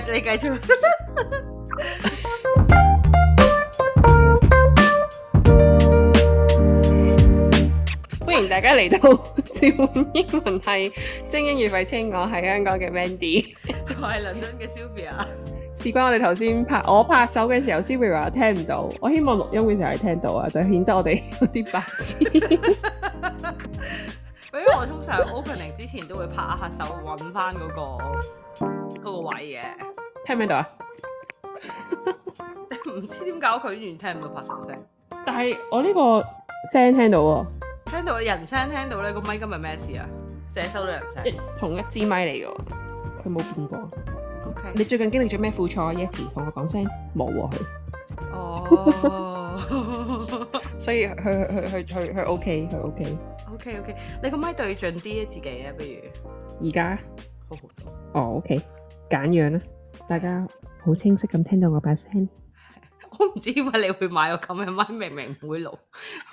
大家嚟開住，歡迎大家嚟到《叫英文系》係精英與廢青，我係香港嘅 Mandy，我係倫敦嘅 Sylvia。事關我哋頭先拍我拍手嘅時候，Sylvia 聽唔到，我希望錄音嘅時候係聽到啊，就顯得我哋有啲白痴。因為 我通常 opening 之前都會拍一下手揾翻嗰個位嘅，聽唔 聽，聽，聽到啊？唔知點搞，佢完全聽唔到拍手聲。但係我呢個聲聽到喎，聽到我人聲聽到咧，個咪今日咩事啊？凈收到人聲，同一支咪嚟嘅，佢冇變過。OK，, okay. 你最近經歷咗咩苦楚啊 Yeti，同我講聲，冇喎佢。Oh. 所以佢佢佢佢佢 OK，佢 OK，OK OK，你個麥對準啲自己啊，不如而家好好多哦 OK，簡樣啦，大家好清晰咁聽到我把聲。我唔知點解你會買個咁嘅麥，明明唔會錄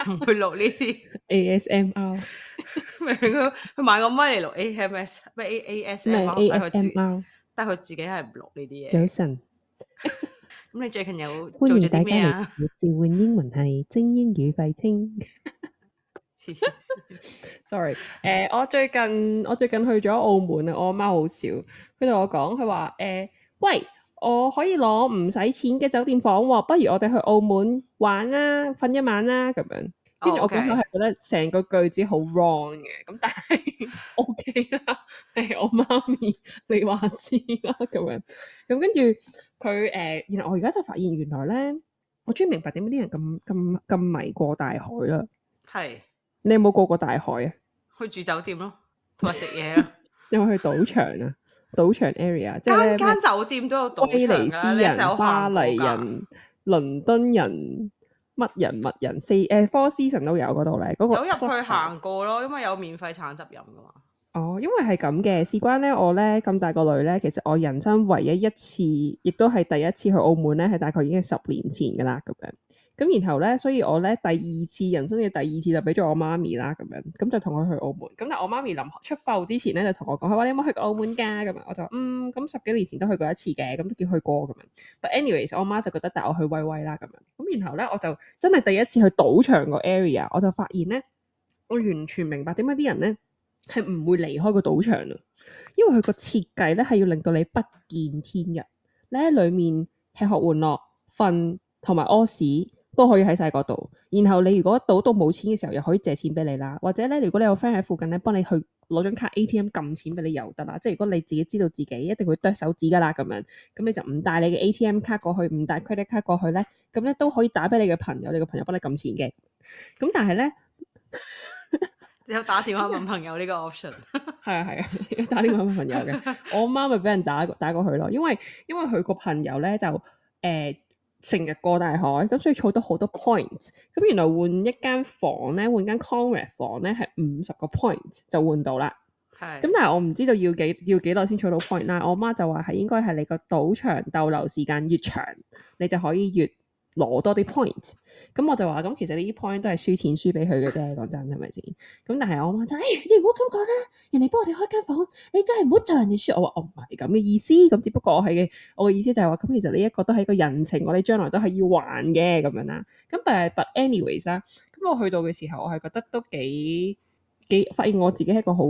唔會錄呢啲 ASMR。咩啊？佢買個麥嚟錄 A M S 咩 A A S M A S M R，但係佢自己係唔錄呢啲嘢。早晨。咁、嗯、你最近有做歡迎大家啊？召喚英文系精英與廢青。 Sorry，誒、呃，我最近我最近去咗澳門啊，我阿媽好笑。佢同我講，佢話誒，喂，我可以攞唔使錢嘅酒店房喎、哦，不如我哋去澳門玩啦，瞓一晚啦，咁樣。跟住我咁樣係覺得成個句子好 wrong 嘅，咁但係、oh, OK 啦、 okay，誒、欸，我媽咪，你話事啦，咁樣，咁跟住。佢誒，然後、呃、我而家就發現原來咧，我終於明白點解啲人咁咁咁迷過大海啦。係是，你有冇過過大海啊？去住酒店咯，同埋食嘢咯。有冇 去賭場啊？ 賭場 area，即間間酒店都有賭場噶。威尼斯人、巴黎人、倫敦人，乜人乜人，四誒 Four Seasons 都有嗰度咧。嗰個有入進去行過咯，因為有免費殘疾任噶嘛。哦，因為係咁嘅，事關咧，我咧咁大個女咧，其實我人生唯一一次，亦都係第一次去澳門咧，係大概已經係十年前噶啦咁樣。咁然後咧，所以我咧第二次人生嘅第二次就俾咗我媽咪啦，咁樣咁就同佢去澳門。咁但係我媽咪臨出埠之前咧，就同我講，佢話你有冇去過澳門噶啊？咁啊，我就嗯，咁，嗯、十幾年前都去過一次嘅，咁都叫去過咁樣。但係 anyways，我媽就覺得帶我去威威啦咁樣。咁然後咧，我就真係第一次去賭場個 area，我就發現咧，我完全明白點解啲人咧，係唔會離開個賭場啦，因為佢個設計咧係要令到你不見天日，你喺裏面吃喝玩樂、瞓同埋屙屎都可以喺晒嗰度。然後你如果賭到冇錢嘅時候，又可以借錢俾你啦。或者咧，如果你有 friend 喺附近咧，幫你去攞張卡 ATM 撳錢俾你又得啦。即係如果你自己知道自己一定會剁手指噶啦咁樣，咁你就唔帶你嘅 ATM 卡過去，唔帶 credit 卡過去咧，咁咧都可以打俾你嘅朋友，你嘅朋友幫你撳錢嘅。咁但係咧。 有打電話問朋友呢個 option，係啊係 啊，打電話問朋友嘅， 我媽咪俾人打過打過去咯，因為因為佢個朋友咧就誒成、呃、日過大海，咁、嗯、所以儲到好多 point，咁、嗯、原來換一間房咧，換間 Conrad 房咧係五十個 point 就換到啦，係、 嗯。咁但係我唔知道要幾要幾耐先儲到 point 啦，我媽就話係應該係你個賭場逗留時間越長，你就可以越。攞多啲 point，咁我就話咁，其實呢啲 point 都係輸錢輸俾佢嘅啫，講真係咪先？咁、嗯、但係我媽就誒，你唔好咁講啦，人哋幫我哋開間房，你真係唔好咒人哋輸。我話我唔係咁嘅意思，咁、嗯、只不過我嘅。我嘅意思就係話，咁、嗯、其實你一個都係一個人情，我哋將來都係要還嘅咁樣啦。咁但係 but anyways 啊，咁、嗯、我去到嘅時候，我係覺得都幾幾，發現我自己係一個好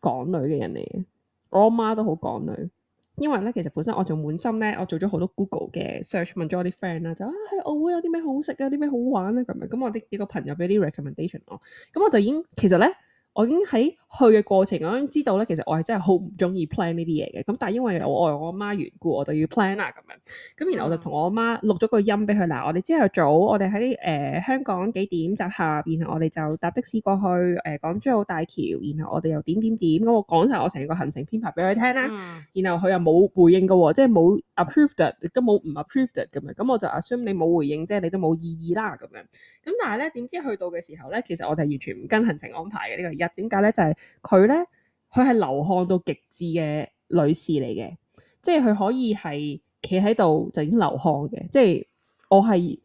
港女嘅人嚟嘅，我阿媽都好港女。因為其實本身我就滿心呢，我做咗好多 Google 嘅 search 問咗我啲 friend 啦，就啊去澳門有啲咩好食啊，有啲咩好玩啊咁樣，咁我啲幾個朋友俾啲 recommendation 我，咁我就已經其實呢。我已經喺去嘅過程，我已經知道咧，其實我係真係好唔中意 plan 呢啲嘢嘅。咁但係因為我愛我阿媽緣故，我就要 plan 啦咁樣。咁然後我就同我阿媽錄咗個音俾佢嗱，我哋朝頭早，我哋喺誒香港幾點集合，然後我哋就搭的士過去誒、呃、港珠澳大橋，然後我哋又點點點，咁我講晒我成個行程編排俾佢聽啦。然後佢又冇回應嘅喎，即係冇 approved 都冇唔 approved 咁樣。咁我就 assume 你冇回應，即係你都冇意義啦咁樣。咁但係咧點知去到嘅時候咧，其實我哋完全唔跟行程安排嘅呢、這個點解咧？就係佢咧，佢係流汗到極致嘅女士嚟嘅，即係佢可以係企喺度就已經流汗嘅。即係我係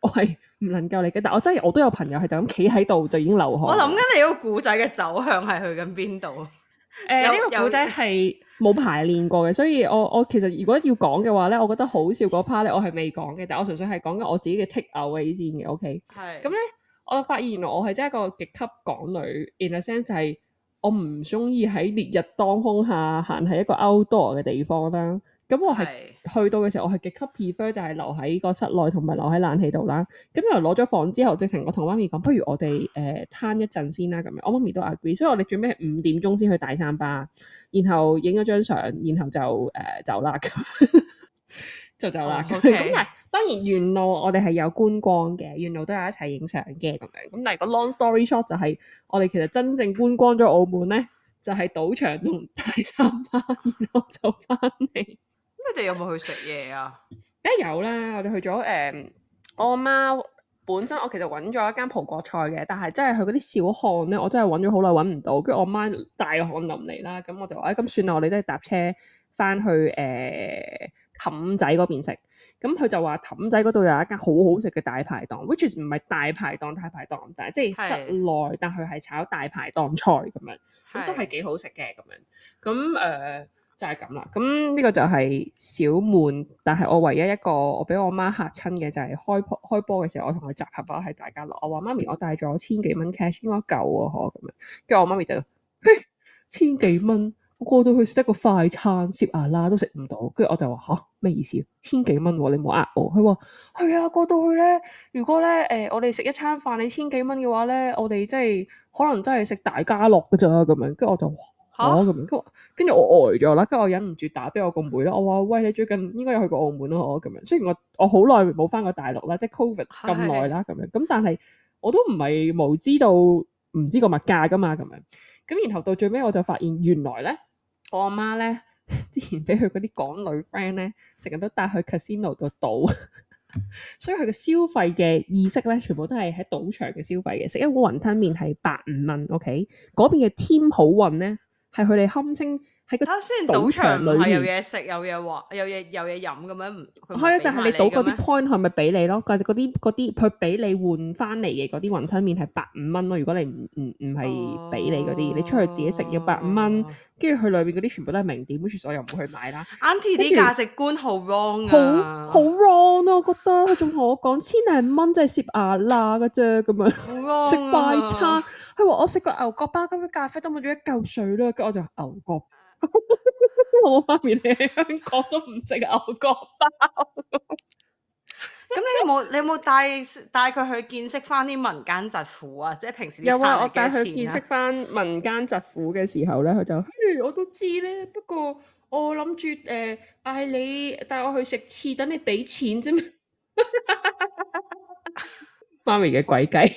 我係唔能夠嚟嘅，但我真係我都有朋友係就咁企喺度就已經流汗。我諗緊你個古仔嘅走向係去緊邊度？誒、呃，呢個古仔係冇排練過嘅，所以我我其實如果要講嘅話咧，我覺得好笑嗰 part 咧，我係未講嘅，但係我純粹係講緊我自己嘅 take away 先嘅。OK，係咁咧。我發現我係真係一個極級港女，in a sense 就係我唔中意喺烈日當空下行喺一個 Outdoor 嘅地方啦。咁我係是去到嘅時候，我係極級 prefer 就係留喺個室內同埋留喺冷氣度啦。咁由攞咗房之後，直情我同媽咪講，不如我哋誒攤一陣先啦。咁樣我媽咪都 agree，所以我哋準備五點鐘先去大三巴，然後影咗張相，然後就誒、uh, 走啦。 就走啦。咁、哦 okay，但係當然沿路我哋係有觀光嘅，沿路都有一齊影相嘅咁樣。咁但係個 long story short 就係、是、我哋其實真正觀光咗澳門咧，就係、是、賭場同大三巴，然後就翻嚟。咁你哋有冇去食嘢啊？梗有啦，我哋去咗誒、呃。我阿媽本身我其實揾咗一間葡國菜嘅，但係真係去嗰啲小巷咧，我真係揾咗好耐揾唔到。跟住我阿媽大汗淋漓啦，咁我就話咁、哎、算啦，我哋都係搭車翻去誒。呃氹仔嗰邊食，咁、嗯、佢就話氹仔嗰度有一間好好食嘅大排檔，which is 唔係大排檔大排檔，但係即係室內，但佢係炒大排檔菜咁樣，咁都係幾好食嘅咁樣。咁、嗯、誒、呃、就係咁啦。咁、嗯、呢、這個就係小滿，但係我唯一一個我俾我媽嚇親嘅就係、是、開波開波嘅時候，我同佢集合喺大家樂，我話媽咪我帶咗千幾蚊 cash 應該夠啊。嗬，咁樣。跟住我媽咪就，嘿千幾蚊。過到去食一個快餐，攝牙啦都食唔到，跟住我就話吓，咩意思？千幾蚊，啊、你冇呃我？佢話係啊，過到去咧，如果咧誒、呃、我哋食一餐飯你千幾蚊嘅話咧，我哋即係可能真係食大家樂噶咋咁樣，跟住我就吓咁，啊啊、樣，跟住我呆咗啦，跟住我忍唔住打俾我個妹啦，我話喂，你最近應該有去過澳門咯，啊，我咁樣，雖然我我好耐冇翻過大陸啦，即係 covid 咁耐啦咁樣，咁但係我都唔係無知道唔知個物價噶嘛，咁樣，咁然後到最尾我就發現原來咧。我阿媽咧，之前畀佢嗰啲港女 friend 咧，成日都帶去 casino 度賭， 所以佢嘅消費嘅意識咧，全部都係喺賭場嘅消費嘅，食一碗雲吞麵係百五蚊，OK，嗰邊嘅添好運咧，係佢哋堪稱。喺個賭場裏邊，有嘢食，有嘢玩，有嘢有嘢飲咁樣，唔開咗就係、是、你賭嗰啲 point，係咪俾你咯？嗰啲啲佢俾你換翻嚟嘅嗰啲雲吞麵係百五蚊咯。如果你唔唔唔係俾你嗰啲，啊、你出去自己食要百五蚊。跟住佢裏邊嗰啲全部都係名店，所以又唔去買啦。阿姨啲價值觀好 wrong 好好 wrong 啊！我覺得佢仲同我講千零蚊真係蝕牙啦嘅啫，咁樣食快餐。佢話、啊、 我食個牛角包加杯咖，咖啡都冇咗一嚿水啦，跟住我就牛角。 我媽咪，你喺香港都唔食牛角包 咁你有冇你有冇帶帶佢去見識翻啲民間疾苦啊？即係平時有啊，我帶佢見識翻民間疾苦嘅時候咧，佢就、 嗯，我都知咧。不過我諗住誒，嗌、呃、你帶我去食翅，等你俾錢啫。媽 咪嘅詭計。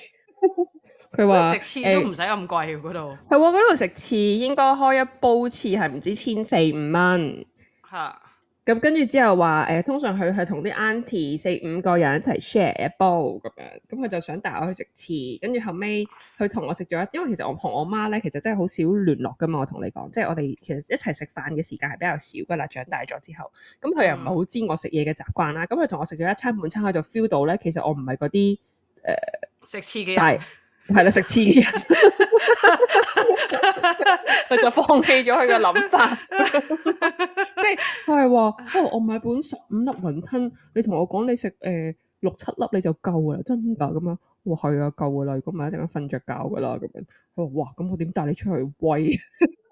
佢話食翅都唔使咁貴嗰度，係我嗰度食翅應該開一煲翅係唔知千四五蚊。吓，咁跟住之後話誒，通常佢係同啲 aunty 四五個人一齊 share 一煲咁樣，咁佢就想帶我去食翅，跟住後尾，佢同我食咗一，因為其實我同我媽咧，其實真係好少聯絡噶嘛。我同你講，即係我哋其實一齊食飯嘅時間係比較少噶啦。長大咗之後，咁佢又唔係好知我食嘢嘅習慣啦。咁佢同我食咗一餐半餐，喺度 feel 到咧，其實我唔係嗰啲誒食翅嘅人。係啦，食黐嘅人，佢 就放棄咗佢嘅諗法，即 係， 佢係話，我買本十五粒雲吞，你同我講你食誒六七粒你就夠啦，真噶咁樣。哇，係啊，夠噶啦，如果唔係一陣間瞓着覺噶啦咁樣。佢話哇，咁我點帶你出去威？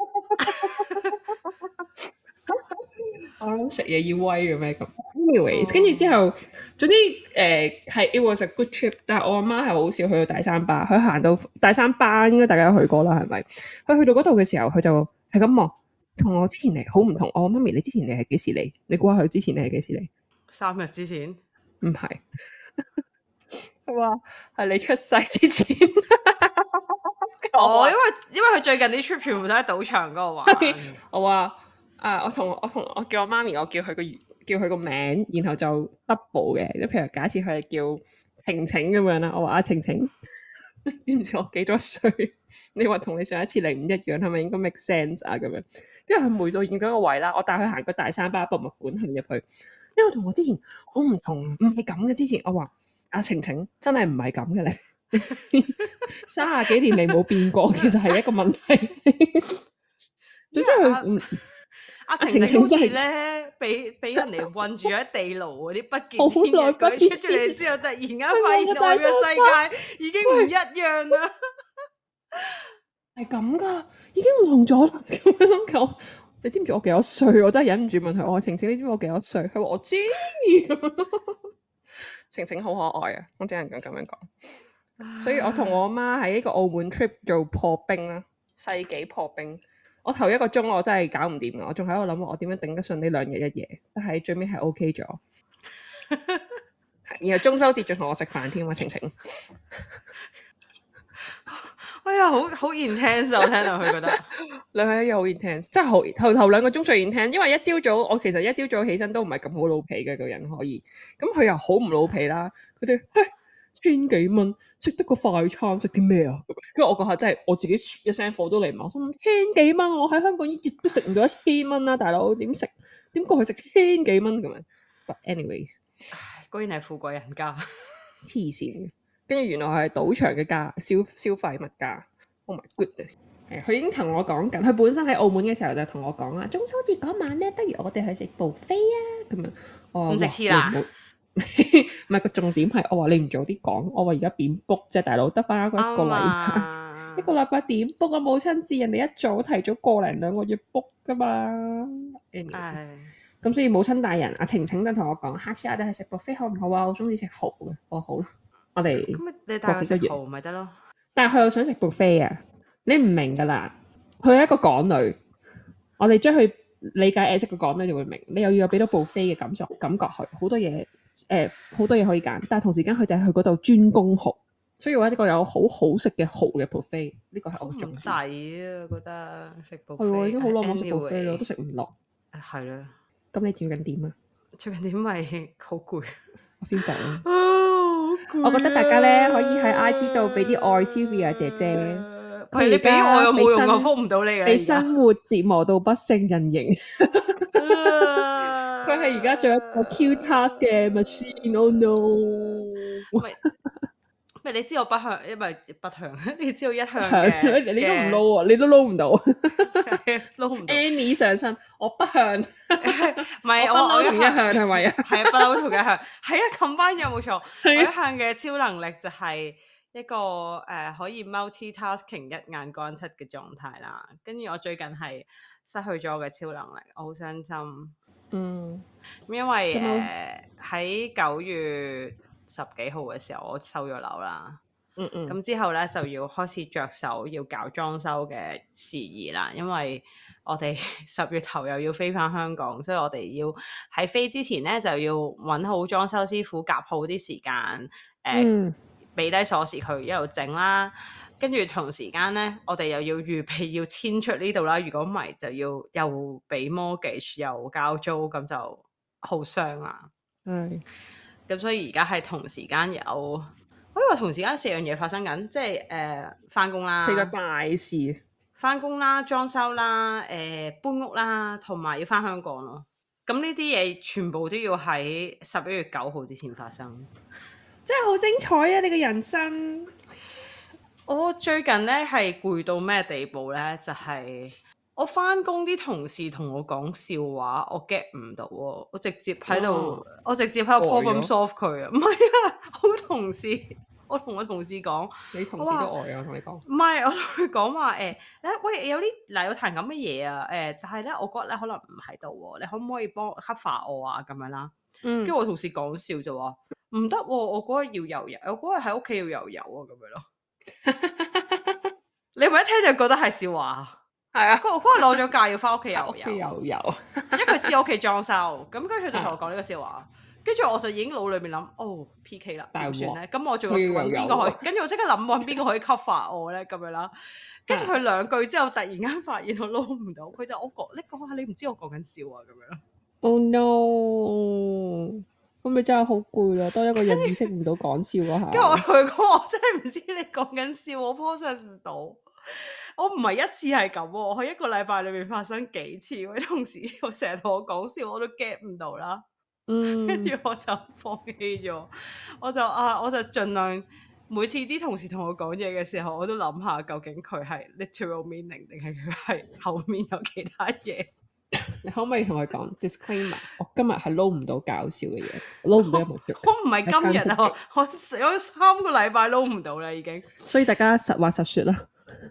我諗食嘢要威嘅咩咁？anyways，跟住、嗯、之後，總之誒係、呃、it was a good trip。但係我阿媽係好少去到大三巴，佢行到大三巴，應該大家都去過啦，係咪？佢去到嗰度嘅時候，佢就係咁望，同我之前嚟好唔同。我、哦、媽咪你之前嚟係幾時嚟？你估下佢之前嚟係幾時嚟？三日之前唔係，不是 哇！係你出世之前。我因為因為佢最近啲 trip 全部都喺賭場嗰度玩，我話。啊、uh！我同我同我叫我媽咪，我叫佢個，叫佢個名，然後就 double 嘅。即譬如假設佢係叫晴晴咁樣啦，我話阿、啊、晴晴，你知唔知我幾多歲？你話同你上一次嚟唔一樣，係咪應該 make sense 啊？咁樣，因為佢回到現咁個位啦。我帶佢行個大三巴博物館行入去，因為同我，我之前好唔同，唔係咁嘅。之前我話阿、啊、晴晴真係唔係咁嘅咧，三十幾 年未冇變過， 其實係一個問題。總之佢阿晴晴就係咧，俾俾人哋困住喺地牢嗰啲不見天日，出咗嚟之後，突然間發現佢世界已經唔一樣啦。係咁噶，已經唔同咗啦。咁樣諗你知唔知我幾多歲？我真係忍唔住問佢。我晴晴，你知唔知我幾多歲？佢話我知。晴晴好可愛啊，我只能夠咁樣講。所以我同我媽喺呢個澳門 trip 做破冰啦，世紀破冰。我頭一個鐘我真係搞唔掂，我仲喺度諗我點樣頂得順呢兩日一夜，但係最尾係 OK 咗。 然後中秋節仲同我食飯添嘛，晴晴。 哎呀，好好 intense，、啊、我聽落去覺得兩日 一日好 intense，真係好頭頭兩個鐘最 intense 因為一朝早,早我其實一朝早,早起身都唔係咁好老皮嘅個人可以，咁佢又好唔老皮啦，佢哋、哎、千幾蚊。食得個快餐食啲咩啊？因為我嗰下真係我自己一聲火都嚟埋，我諗千幾蚊，我喺香港依月都食唔到一千蚊啊。大佬點食？點過去食千幾蚊咁樣？But anyways，果然係富貴人家，黐線嘅。跟住原來係賭場嘅價消消費物價。Oh my goodness，佢已經同我講緊，佢本身喺澳門嘅時候就同我講啊， 中秋節嗰晚咧，不如我哋去食 buffet 啊咁樣。哦，唔食啦。唔係個重點係，我話你唔早啲講，我話而家點 book 啫，大佬得翻一個禮，啊、 一個禮拜點 book 個母親節？人哋一早提早個零兩個月 book 噶嘛。咁、anyway, 哎、所以母親大人阿晴晴就同我講，下次我哋去食 buffet 好唔好啊？我中意食蠔嘅，我好，我哋咁你帶個蠔咪得咯。但係佢又想食 buffet 啊？你唔明噶啦，佢係一個港女，我哋將佢理解解釋佢港女就會明。你又要有俾到 buffet 嘅感受感覺，去好多嘢。誒，好多嘢可以揀，但係同時間佢就係去嗰度專攻蠔，所以話呢個有好好食嘅蠔嘅 buffet，呢個係我仲抵啊！得我覺得食 b u f 已經好耐冇食 buffet 啦，anyway, 都食唔落。係啦，咁你做緊點啊？做緊點咪好攰，我 f e 我覺得大家咧可以喺 IG 度俾啲愛 Sylvia 姐姐，佢哋俾愛俾生活唔到你，俾生活折磨到不勝人形。 啊佢係而家做一個 Q Task 嘅 machine，哦。Oh no！喂，咪， 你知我不嬲，因為不嬲，你知道一向 你都唔撈啊，你都撈唔到。撈唔到。Annie 上身，我不嬲，唔係我，我是是不嬲是 同一向，係咪啊？係不嬲同一向，係啊。Combine 有冇錯，我一向嘅超能力就係一個誒、呃、可以 multi-tasking 一眼關七嘅狀態啦。跟住我最近係失去咗我嘅超能力，我好傷心。 嗯，因為誒喺九月十幾號嘅時候，我收咗樓啦。嗯嗯。咁之後咧就要開始着手要搞裝修嘅事宜啦。因為我哋十月頭又要飛返香港，所以我哋要喺飛之前咧就要揾好裝修師傅，夾好啲時間。誒、呃，俾低、嗯、鎖匙佢一路整啦。跟住同時間呢，我哋又要預備要遷出呢度啦。如果唔係，就要又俾 mortgage 又交租，咁就好傷啦。嗯是。咁所以而家係同時間有，可以話同時間四樣嘢發生緊，即係誒返工啦，四個大事。返工啦，裝修啦，誒、呃、搬屋啦，同埋要返香港咯。咁呢啲嘢全部都要喺十一月九號之前發生。 真係好精彩啊！你嘅人生。我最近咧係攰到咩地步咧？就係、是、我翻工啲同事同我講笑話，我 get 唔到，我直接喺度，哦、我直接喺度 problem solve 佢啊！唔係啊，好同事，我同我同事講，你同事都呆、呃、啊！同說、呃、你講唔係，我同佢講話誒誒，喂，有啲嗱有談咁嘅嘢啊，誒、欸，就係、是、咧，我覺得咧可能唔喺度，你可唔可以幫 cover 我啊？咁樣啦，跟住、嗯、我同事講笑就話唔得，我嗰日要游游，我嗰日喺屋企要游游啊，咁樣咯。 你咪一聽就覺得係笑話，係啊，嗰嗰攞咗假要翻屋企又有遊， 因為佢知我屋企裝修，咁跟住佢就同我講呢個笑話，跟住 我就已經腦裏面諗，哦 P K 啦，點算咧？咁，糕我仲揾邊個可以？跟住 我即刻諗，揾邊個可以 cover 我咧？咁樣啦，跟住佢兩句之後，突然間發現我撈唔到，佢就我講，你講下你唔知我講緊笑話？咁樣，Oh no！咁你真係好攰咯，當一個人意識唔到講笑嗰下。跟住 我同佢講，我真係唔知你講緊笑，我 process 唔到。我唔係一次係咁，喺一個禮拜裏面發生幾次。啲同事我成日同我講笑，我都 get 唔到啦。嗯。跟住我就放棄咗。我就啊，我就儘量每次啲同事同我講嘢嘅時候，我都諗下究竟佢係 literal meaning 定係佢係後面有其他嘢。 你可唔可以同佢講 disclaimer？ 我今日係撈唔到搞笑嘅嘢，撈唔到一部劇。 我唔係今日啊，我我三個禮拜撈唔到啦，已經。所以大家實話實說啦。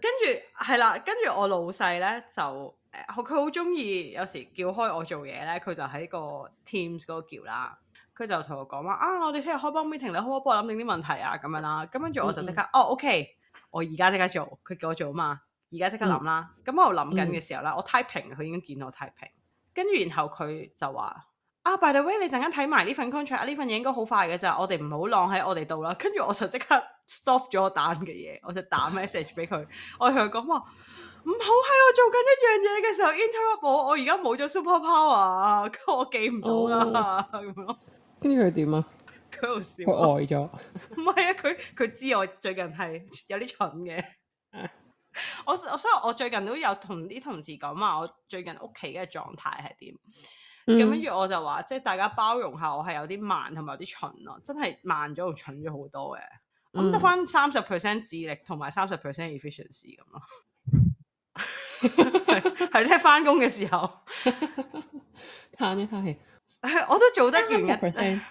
跟住係啦，跟住我老細咧就誒，佢好中意有時叫開我做嘢咧，佢就喺個 Teams 嗰度叫啦。佢就同我講話啊，我哋聽日開幫 meeting 你可唔可以幫我諗定啲問題啊，咁樣啦。咁跟住我就即刻哦、嗯嗯 oh,，OK，我而家即刻做，佢叫我做啊嘛。而家即刻諗啦，咁、嗯、我諗緊嘅時候咧，嗯、我 typing 佢已經見到我 typing，跟住然後佢就話：啊、ah,，by the way，你陣間睇埋呢份 contract，呢份嘢應該好快嘅啫，我哋唔好晾喺我哋度啦。跟住我就即刻 stop 咗我打嘅嘢，我就打 message 俾佢， 我同佢講話唔好喺我做緊一樣嘢嘅時候 interrupt 我，我而家冇咗 super power，我記唔到啦咁。跟住佢點啊？佢笑。佢呆咗。唔係啊，佢佢知我最近係有啲蠢嘅。 我我所以我最近都有同啲同事講話，我最近屋企嘅狀態係點，咁跟住我就話，即係大家包容下，我係有啲慢同埋有啲蠢咯，真係慢咗同蠢咗好多嘅，咁得翻三十 percent 智力同埋三十 percent efficiency 咁咯，係即係翻工嘅時候 嘆一嘆氣， 我都做得完嘅 percent，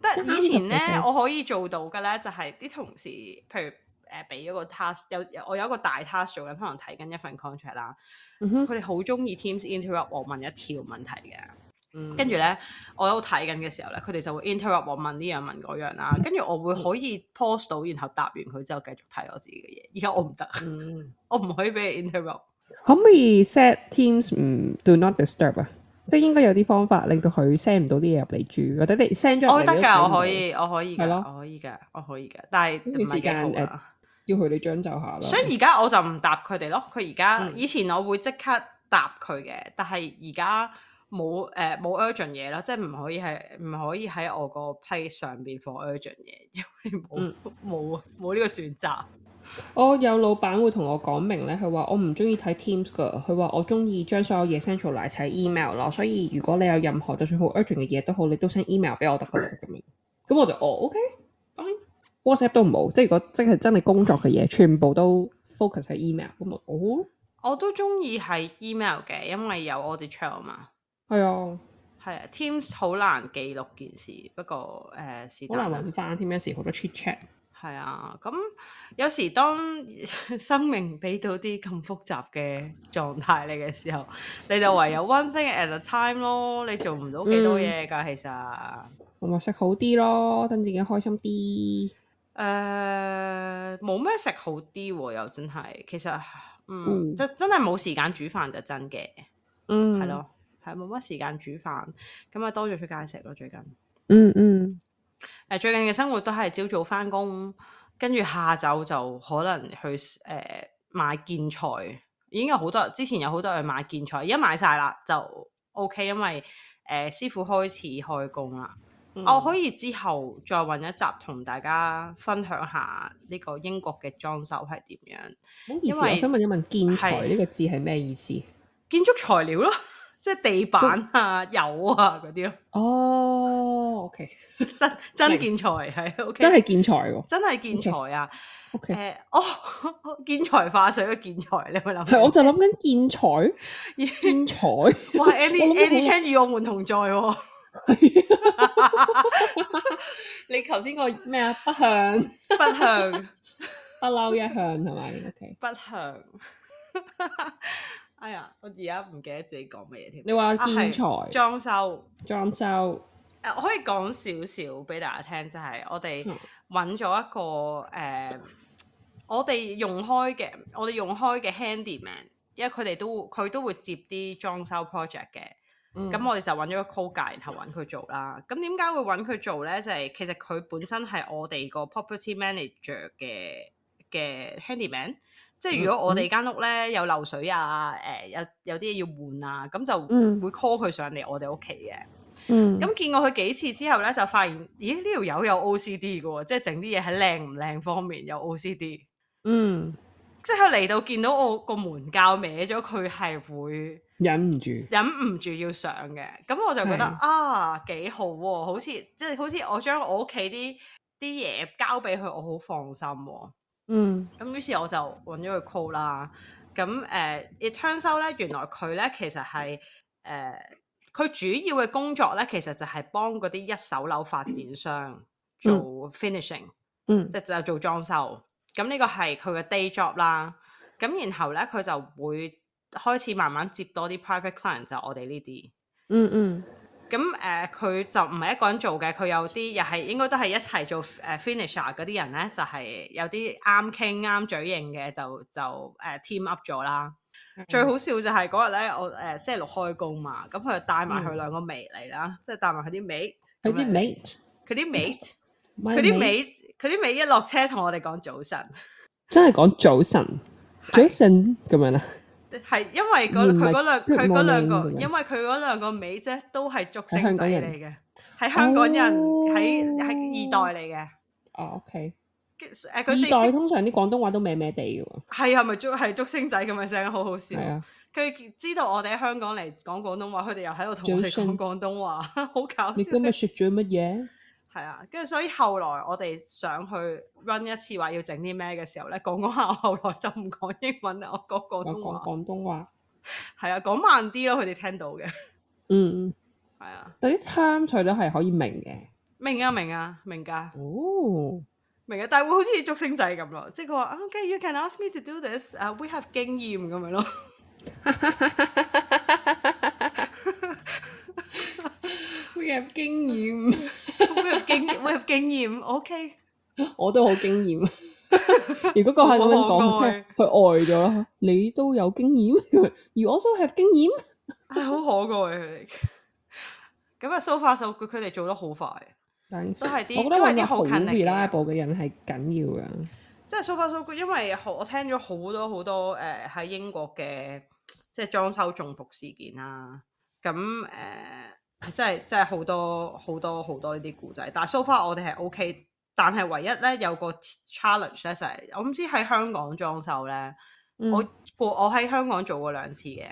但以前咧我可以做到嘅咧就係啲同事，譬如。誒俾咗個 task，有我有一個大 task 做嘅，可能睇緊一份 contract 啦。佢哋好中意 Teams interrupt 我問一條問題嘅。跟住咧，我喺度睇緊嘅時候咧，佢哋就會 interrupt 我問呢樣問嗰樣啦。跟住、嗯、我會可以 pause 到，然後答完佢之後繼續睇我自己嘅嘢。而家我唔得，嗯、我唔可以俾你 interrupt。可唔可以 set Teams 唔、嗯、do not disturb 啊？都應該有啲方法令到佢 send 唔到啲嘢入嚟住，或者啲 send 咗入得㗎。我可以，我可以，係咯，可以㗎，我可以㗎。但係呢段時要佢哋將就下啦。所以而家我就唔答佢哋咯。佢而家以前我會即刻答佢嘅，但係而家冇誒冇 urgent 嘢咯，即係唔可以係唔可以喺我個批上邊放 urgent 嘢，因為冇冇冇呢個選擇。 我有老闆會同我講明咧，佢話我唔中意睇 Teams 噶，佢話我中意將所有嘢 central 嚟睇 email 咯。Email，所以如果你有任何就算好 urgent 嘅嘢都好，你都 send email 俾我得噶啦咁樣。咁我，我，我就哦，OK fine。WhatsApp 都冇，即係如果即係真係工作嘅嘢，全部都 focus 喺 email，哦。咁我我都中意係 email 嘅，因為有我哋 channel 嘛。係啊，係、啊、Teams 好難記錄件事，不過誒、呃、是好難揾翻 Teams 好多 chat chat。係啊，咁有時當生命俾到啲咁複雜嘅狀態你嘅時候， 你就唯有 one thing at a time 咯，你做唔到幾多嘢噶，嗯、其實。咁咪食好啲咯，等自己開心啲。誒，冇咩食好啲喎、啊，又真係，其實嗯，就真係冇時間煮飯就真嘅，嗯，係咯，係冇乜時間煮飯，咁啊多咗出街食咯最近，嗯嗯，誒、嗯，最近嘅、嗯嗯、生活都係朝早翻工，跟住下晝就可能去誒、呃、買建材，已經有好多之前有好多去買建材，而家買晒啦就 OK，因為誒、呃、師傅開始開工啦。我可以之後再揾一集同大家分享下呢個英國嘅裝修係點樣？因為我想問一問建材呢個字係咩意思？建築材料咯，即係地板啊、油啊嗰啲咯。哦，OK，真真建材係，真係建材喎，真係建材啊。OK，誒，哦，建材化水嘅建材，你會諗係？我就諗緊建材，建材哇！Andy Andy Chan 與我們同在。 你頭先個咩啊？北向北 不向不嬲一向係咪？北 向哎呀！我而家唔記得自己講乜嘢添。你話建材裝、啊、修裝修誒，我、 uh, 可以講少少俾大家聽，就係、是、我哋揾咗一個誒、uh,，我哋用開嘅，我哋用開嘅 handyman，因為佢哋都佢都會接啲裝修 project 嘅。咁、嗯、我哋就揾咗個 call guy，然後揾佢做啦。咁點解會揾佢做呢？就係、是、其實佢本身係我哋個 property manager 嘅嘅 handyman。即係如果我哋間屋呢有漏水啊，誒、嗯呃、有有啲嘢要換啊，咁就會 call 佢上嚟我哋屋企嘅。咁、嗯、見過佢幾次之後呢，就發現咦呢條友有 OCD 嘅喎、哦，即係整啲嘢喺靚唔靚方面有 OCD。嗯。即係佢嚟到見到我個門教歪咗，佢係會忍唔住，忍唔住要上嘅。咁我就覺得的啊，幾好喎、啊！好似即係好似我將我屋企啲啲嘢交俾佢，我好放心喎、啊。嗯，咁於是我就揾咗佢 call 啦。咁誒，it turns 呢？Uh, out, 原來佢呢，其實係誒，佢、uh, 主要嘅工作呢，其實就係幫嗰啲一手樓發展商做 finishing，、嗯嗯、即係就做裝修。咁呢個係佢嘅 day job 啦，咁然後咧佢就會開始慢慢接多啲 private client 就我哋呢啲。嗯嗯。咁誒佢就唔係一個人做嘅，佢有啲又係應該都係一齊做誒 finisher 嗰啲人咧，就係、是、有啲啱傾啱嘴型嘅就就誒、呃、team up 咗啦。嗯、最好笑就係嗰日咧，我誒、呃、星期六開工嘛，咁、嗯、佢、嗯、就帶埋佢兩個 mate 嚟啦，即係帶埋佢啲 mate 佢啲 mate 佢啲 mate 佢啲 mate 佢啲尾一落車同我哋講早晨，真係講早晨，早晨咁樣咧，係因為佢嗰兩佢兩個，因為佢嗰兩個尾啫，都係竹升仔嚟嘅，係香港人喺喺二代嚟嘅。哦，OK，誒，二代通常啲廣東話都咩咩地嘅喎，係係咪竹係竹升仔咁嘅聲好好笑？係啊，佢知道我哋喺香港嚟講廣東話，佢哋又喺度同我哋講廣東話，好搞笑。你今日說咗乜嘢？係啊，跟住所以後來我哋上去 run 一次，話要整啲咩嘅時候咧，講講下，我後來就唔講英文啦，我個個都講廣東話，係啊，講慢啲咯，佢哋聽到嘅，嗯，嗯的，係啊，time 除咗係可以明嘅，明啊，明啊，明噶，哦，明啊，但係會好似竹升仔咁咯，即係佢話 Okay, you can ask me to do this，uh, we have 經驗咁樣咯，we have 經驗。 有經有經驗，OK，我都好經驗。如果咁樣講，即係佢呆咗啦。 你都有經驗 You also have 經驗，係好可愛佢哋。咁啊，so far so good 佢哋做得好快，但都係啲因為啲好勤力拉布嘅人係緊要噶。即係、啊、 so far so good 因為我聽咗好多好多誒喺、呃、英國嘅即係裝修中伏事件啦、啊。咁、嗯、誒。呃即係即係好多好多好多呢啲故仔，但係 so far 我哋係 OK，但係唯一咧有一個 challenge 咧就係、是、我唔知喺香港裝修咧、嗯，我我我喺香港做過兩次嘅，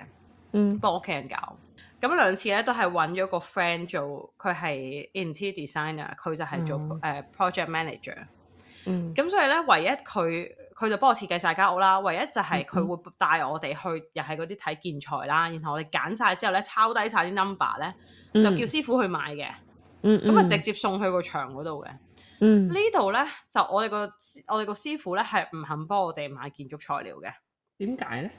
嗯，幫屋企人搞，咁兩次咧都係揾咗個 friend 做，佢係 interior designer，佢就係做誒、嗯呃、project manager，嗯，咁所以咧唯一佢。佢就幫我設計晒間屋啦，唯一就係佢會帶我哋去，又係嗰啲睇建材啦。然後我哋揀晒之後咧，抄低晒啲 number 咧，就叫師傅去買嘅。咁啊、嗯，嗯、直接送去個場嗰度嘅。嗯、呢度咧就我哋個我哋個師傅咧係唔肯幫我哋買建築材料嘅。點解咧？誒、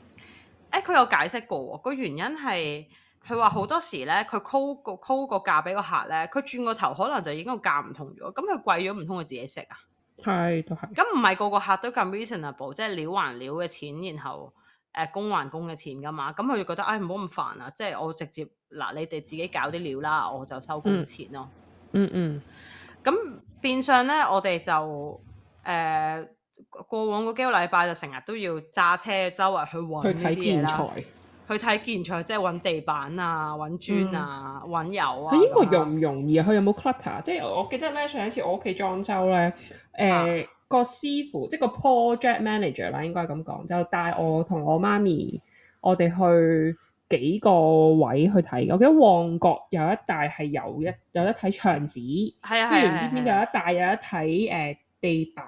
哎，佢有解釋過，個原因係佢話好多時咧，佢 call, call 個 call 個價俾個客咧，佢轉個頭可能就已經個價唔同咗，咁佢貴咗唔通佢自己識啊？係，都係。咁唔係個個客都咁 reasonable，即係料還料嘅錢，然後誒、呃、工還工嘅錢噶嘛。咁、嗯、佢、嗯嗯、就覺得，唉、呃，唔好咁煩啊，即係我直接嗱，你哋自己搞啲料啦，我就收工錢咯。嗯嗯。咁變相咧，我哋就誒過往嗰幾個禮拜就成日都要揸車周圍去搵啲嘢，建材去睇建材，即係揾地板啊、揾磚啊、揾、嗯、油啊。英國容唔容易啊？佢 有冇 clutter？即係我記得咧，上一次我屋企裝修咧，誒、呃啊、個師傅即係個 project manager 啦，應該咁講，就帶我同我媽咪，我哋去幾個位去睇。我記得旺角有一帶係有一有得睇牆紙，跟住然之後有一帶有一睇誒地板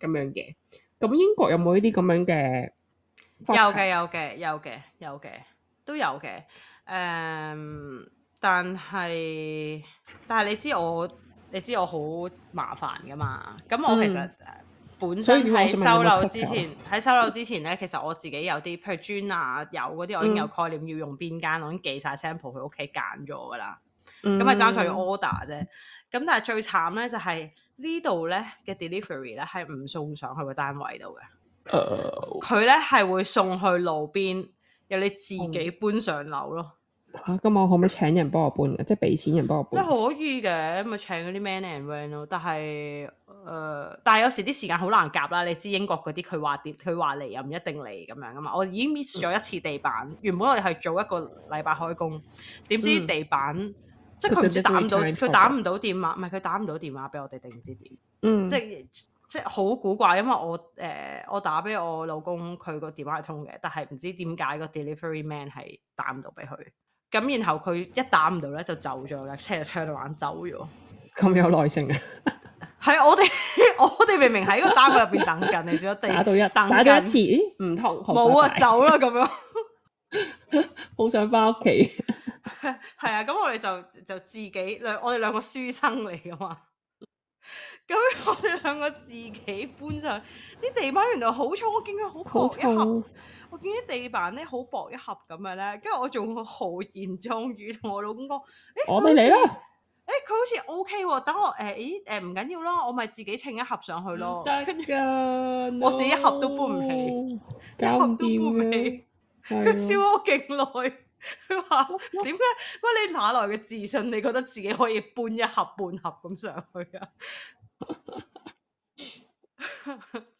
咁樣嘅。咁英國有冇呢啲咁樣嘅？有嘅有嘅有嘅有嘅都有嘅，誒、嗯，但係但係你知我你知我好麻煩噶嘛？咁我其實、嗯、本身喺收樓之前喺收樓之前咧、啊，其實我自己有啲譬如磚啊，有嗰啲，我已經有概念要用邊間，嗯、我已經寄晒 sample 佢屋企揀咗噶啦。咁係爭在 order 啫。咁但係最慘咧就係、是、呢度咧嘅 delivery 咧係唔送上去個單位度嘅。佢咧，係會送去路邊，由你自己搬上樓咯。吓、嗯、咁、啊、我可唔可以請人幫我搬嘅？即係俾錢人幫我搬，嗯，可、可以嘅，咁咪請嗰啲 man and van 咯。但係誒、呃、但係有時啲時間好難夾啦。你知英國嗰啲佢話點？佢話嚟又唔一定嚟，咁樣噶嘛。我已經 miss 咗一次地板。嗯，原本我哋係早一個禮拜開工，點知地板、嗯、即係佢唔知打唔到，佢打唔到電話，唔係佢打唔到電話俾我哋定唔知點？嗯，即係。即係好古怪，因為我誒、呃，我打俾我老公，佢個電話係通嘅，但係唔知點解個 delivery man 係打唔到俾佢。咁然後佢一打唔到咧，就走咗啦，車向度玩走咗。咁有耐性啊？係我哋，我哋明明喺個單個入邊等緊你等，仲一定然打到一等著打打一次，唔同冇好啊，快走啦咁樣。好 想翻屋企。係啊， 咁我哋就就自己兩，我哋兩個書生嚟噶嘛。咁我哋兩個自己搬上啲地板，原來好重。我見佢好薄一盒，重我見啲地板咧好薄一盒咁樣咧。跟住我仲豪言壯語，同我老公講，誒，我俾嚟啦。誒，佢好似 O K 喎。等我誒，誒，唔緊要啦，我咪自己稱一盒上去咯。我自己一盒都搬唔起，一盒都搬唔起。佢、嗯、笑，笑我勁耐，佢話了：點解？喂，你哪來嘅自信？你覺得自己可以搬一盒、半盒咁上去啊？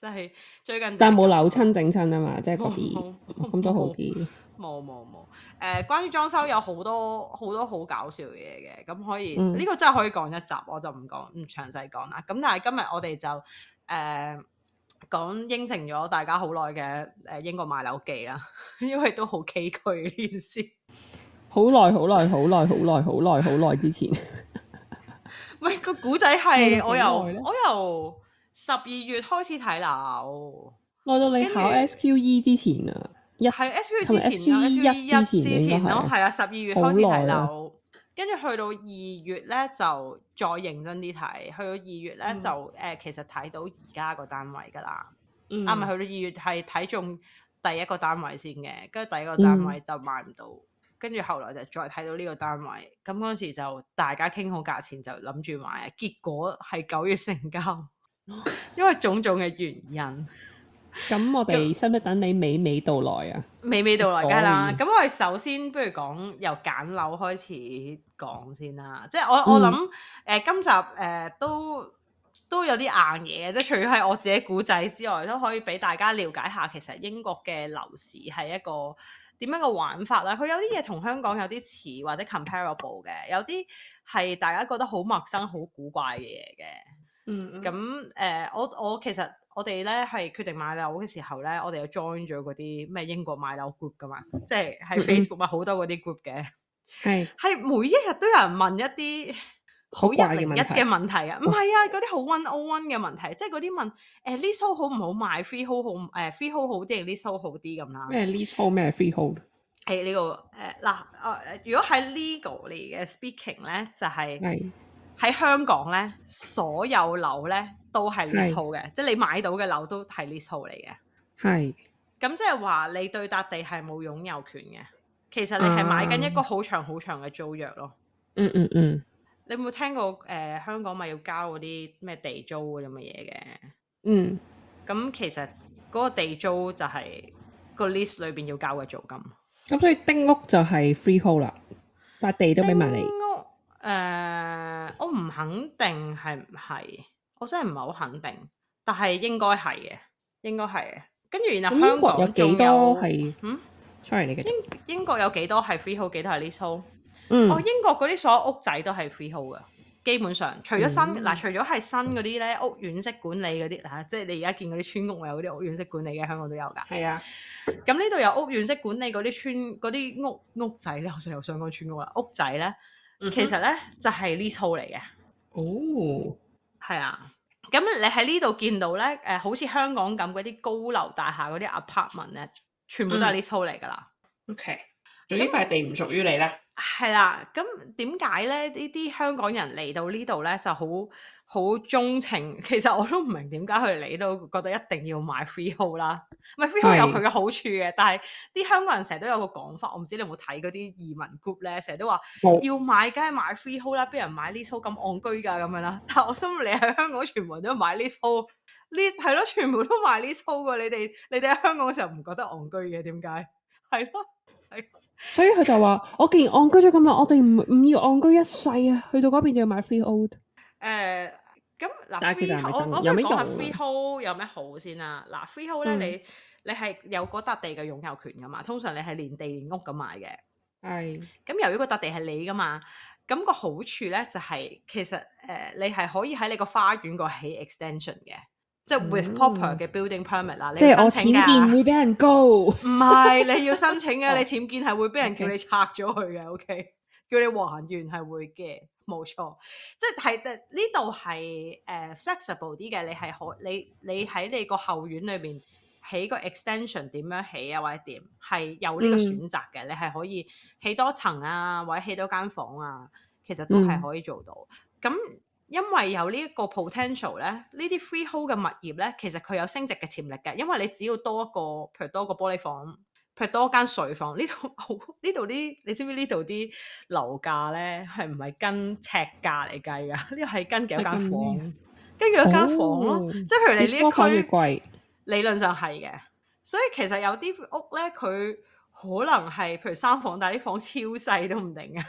就係 最近。但係冇扭親整親啊嘛，即係嗰啲咁都好啲。冇冇冇，誒，uh, 關於裝修有好多好多好搞笑嘅嘢嘅，咁可以呢、嗯、個真係可以講一集，我就唔講唔詳細講啦。咁但係今日我哋就誒、uh, 講應承咗大家好耐嘅誒英國買樓記啦，因為都好崎嶇呢件事。好耐好耐好耐好耐好耐好耐之前。 喂，個古仔係，我由？我由十二月開始睇樓，來到你考 SQE 之前啊，又係 SQE 之前啦，SQE 一之前咯，係啊，十二月開始睇樓，跟住去到二月咧就再認真啲睇，去到二月咧就誒其實睇到而家個單位㗎啦，啱咪去到二月係睇中第一個單位先嘅，跟住第一個單位就買唔到。跟住後來就再睇到呢個單位，咁嗰時就大家傾好價錢就諗住買，結果係九月成交，因為種種嘅原因。咁 我哋需唔需要等你娓娓道來啊？娓娓道來梗係啦。咁我哋首先不如講由揀樓開始講先啦。即係我我諗誒、嗯呃、今集誒、呃、都都有啲硬嘢，即係除咗係我自己古仔之外，都可以俾大家了解下，其實英國嘅樓市係一個。點樣個玩法咧？佢有啲嘢同香港有啲似或者 comparable 嘅，有啲係大家覺得好陌生、好古怪嘅嘢嘅。咁誒、嗯嗯呃，我我其實我哋咧係決定買樓嘅時候咧，我哋又 join 咗嗰啲咩英國買樓 group 噶嘛？即係喺 Facebook 好多嗰啲 group 嘅，係係、嗯嗯、 每一日都有人問一啲。好一零一嘅問題啊，唔係啊，嗰啲好 one o one 嘅問題，即係嗰啲問誒 leasehold 好唔好買，freehold 好誒 freehold 好啲定 leasehold 好啲咁啦，咩 leasehold 咩 freehold？喺呢個誒嗱誒，如果喺 legal 嚟嘅 speaking 咧，就係喺香港咧，所有樓咧都係 leasehold 嘅，即係你買到嘅樓都係 leasehold 嚟嘅。係咁即係話你對笪地係冇擁有權嘅，其實你係買緊一個好長好長嘅租約咯。嗯嗯嗯。你有冇聽過誒、呃、香港咪要交嗰啲咩地租嗰啲咁嘅嘢嘅？嗯，咁、嗯、其實嗰個地租就係個 lease 裏邊要交嘅租金。咁所以丁屋就係 freehold 啦，塊地都俾埋你。丁屋誒、呃，我唔肯定係唔係，我真係唔係好肯定，但係應該係嘅，應該係嘅。跟住然後香港有幾多係？嗯，sorry，你英英國有幾多係 freehold，幾多係 leasehold？哦，英國嗰啲所有屋仔都係 freehold 嘅，基本上除咗新嗱，除咗係新嗰啲咧，屋苑式管理嗰啲嚇，即係你而家見嗰啲村屋咪嗰啲屋苑式管理嘅，香港都有噶。係是啊，啊，咁呢度有屋苑式管理嗰啲村啲屋屋仔咧，我就又想講村屋啦。屋仔咧，其實咧、嗯、哼 就係 leasehold 嚟嘅。哦，係啊，咁、嗯嗯、你喺呢度見到咧，誒、呃、好似香港咁嗰啲高樓大廈嗰啲 apartment 咧，全部都係 leasehold 嚟噶啦。O K，仲有呢塊地唔屬於你咧？係啦，咁點解咧？呢啲香港人嚟到呢度咧，就好好鍾情。其實我都唔明點解佢哋都覺得一定要買 freehold 啦。唔係 freehold 有佢嘅好處嘅，的但係啲香港人成日都有個講法，我唔知你有冇睇嗰啲移民 group 咧，成日都話、哦、要買梗係買 freehold 啦，畀人買呢抽咁戇居噶咁樣啦？但係我心諗你喺香港全部都買呢抽呢，係咯，全部都買呢抽噶。你哋你哋喺香港嘅時候唔覺得戇居嘅點解？係咯，係。所以佢就話，我既然戇居咗咁耐，我哋唔唔要戇居一世啊，去到嗰邊就要買 freehold。誒、呃，咁嗱但係，其實 freehold 有咩好先啊？嗱，freehold 咧、嗯，你你係有嗰笪地嘅擁有權噶嘛？通常你係連地連屋咁買嘅。係是。咁由於個笪地係你噶嘛，咁、那個好處咧就係、是，其實誒、呃，你係可以喺你個花園個起 extension 嘅。即係 with proper 嘅 building permit 啦，你申請嘅。潛建會俾人告。唔係，你要申請嘅。你潛建係會俾人叫你拆咗佢嘅，OK。叫你還原係會嘅，冇錯。即係喺呢度係誒 flexible 啲嘅，你係可你你喺你個後院裏邊起個 extension 點樣起啊，或者點係有呢個選擇嘅。嗯、你係可以起多層啊，或者起多間房啊，其實都係可以做到。咁、嗯。因為有呢一個 potential 咧，呢啲 freehold 嘅物業咧，其實佢有升值嘅潛力嘅。因為你只要多一個，譬如多個玻璃房，譬如多間睡房，呢度好，呢度啲你知唔知呢度啲樓價咧係唔係跟尺價嚟計㗎？呢個係跟幾間房，跟住一間房咯，哦、即係譬如你呢一區，貴理論上係嘅。所以其實有啲屋咧，佢可能係譬如三房，但係啲房超細都唔定嘅。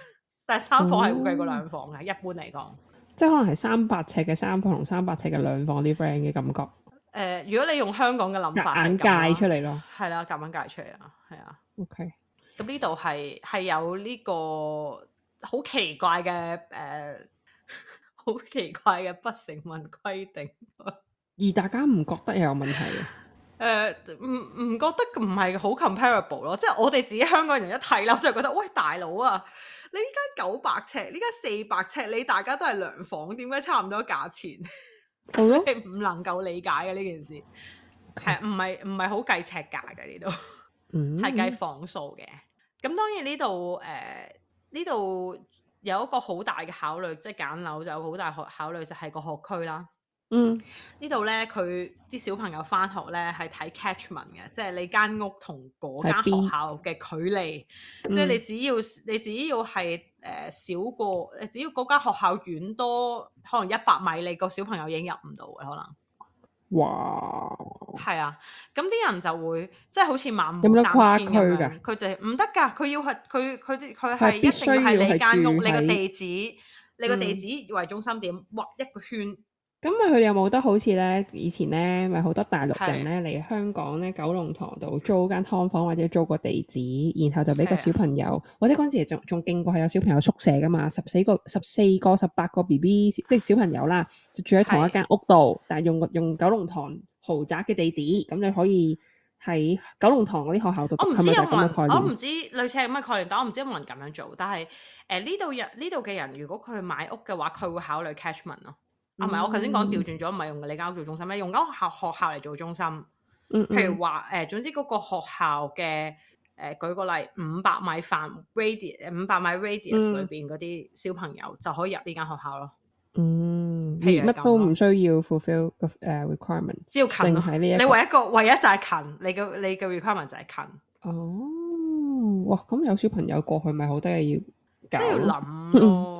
但係三房係會貴過兩房嘅，嗯、一般嚟講。即係可能係三百尺嘅三房同三百尺嘅兩房啲 friend 嘅感覺。誒、呃，如果你用香港嘅諗法，夾硬界出嚟咯。係啦，夾硬界出嚟啊。係啊。OK。咁呢度係係有呢個好奇怪嘅誒，好、呃、奇怪嘅不成文規定。 而大家唔覺得又有問題？誒，唔、唔覺得，唔係好 comparable 咯，即係我哋自己香港人一睇樓就覺得，喂大佬啊，你依間九百尺，呢間四百尺，你大家都係兩房，點解差唔多價錢？好 唔、嗯、能夠理解嘅呢件事，係唔係唔係好計尺價嘅呢度？係計 房數嘅。咁、嗯、當然呢度誒，呢、呃、度有一個好大嘅考慮，即係揀樓就有好大嘅考慮就係、是、個學區啦。嗯，呢度咧，佢啲小朋友翻學咧係睇 catchment 嘅，即係你間屋同嗰間學校嘅距離，哪即係你只要你只要係誒少過，呃、只要嗰間學校遠多，可能一百米，你、你個小朋友已經入唔到嘅可能。哇！係啊，咁啲人就會即係好似盲目，有冇得跨區佢就唔得噶，佢要係佢佢啲佢係一定係你間屋，在你個地址，嗯、你個地址為中心點畫一個圈。咁咪佢哋有冇得好似咧？以前咧咪好多大陸人咧嚟是的 香港咧九龍塘度租間劏房或者租個地址，然後就俾個小朋友。或者嗰陣時仲仲見過係有小朋友宿舍噶嘛？十四個、十四個、十八個 BB 即係小朋友啦，就住喺同一間屋度，是的 但係用用九龍塘豪宅嘅地址，咁你可以喺九龍塘嗰啲學校度。我唔知，知，我唔知類似係咩概念，但我唔知有冇人咁樣做。但係誒呢度人呢度嘅人，如果佢買屋嘅話，佢會考慮 catchment 咯。唔係、啊，我頭先講調轉咗，唔係用你間屋做中心咩？用間校學校嚟做中心。譬、嗯嗯、如話，誒、呃，總之嗰個學校嘅，誒、呃，舉個例，五百米範 radius 五百米 radius 裏邊嗰啲小朋友就可以入呢間學校咯。嗯。譬如乜都唔需要 fulfill 個誒 requirement，只要近咯、啊。你唯一個唯一就係近，你嘅你嘅 requirement 就係近。哦。哇！咁有小朋友過去咪好多嘢要都要諗，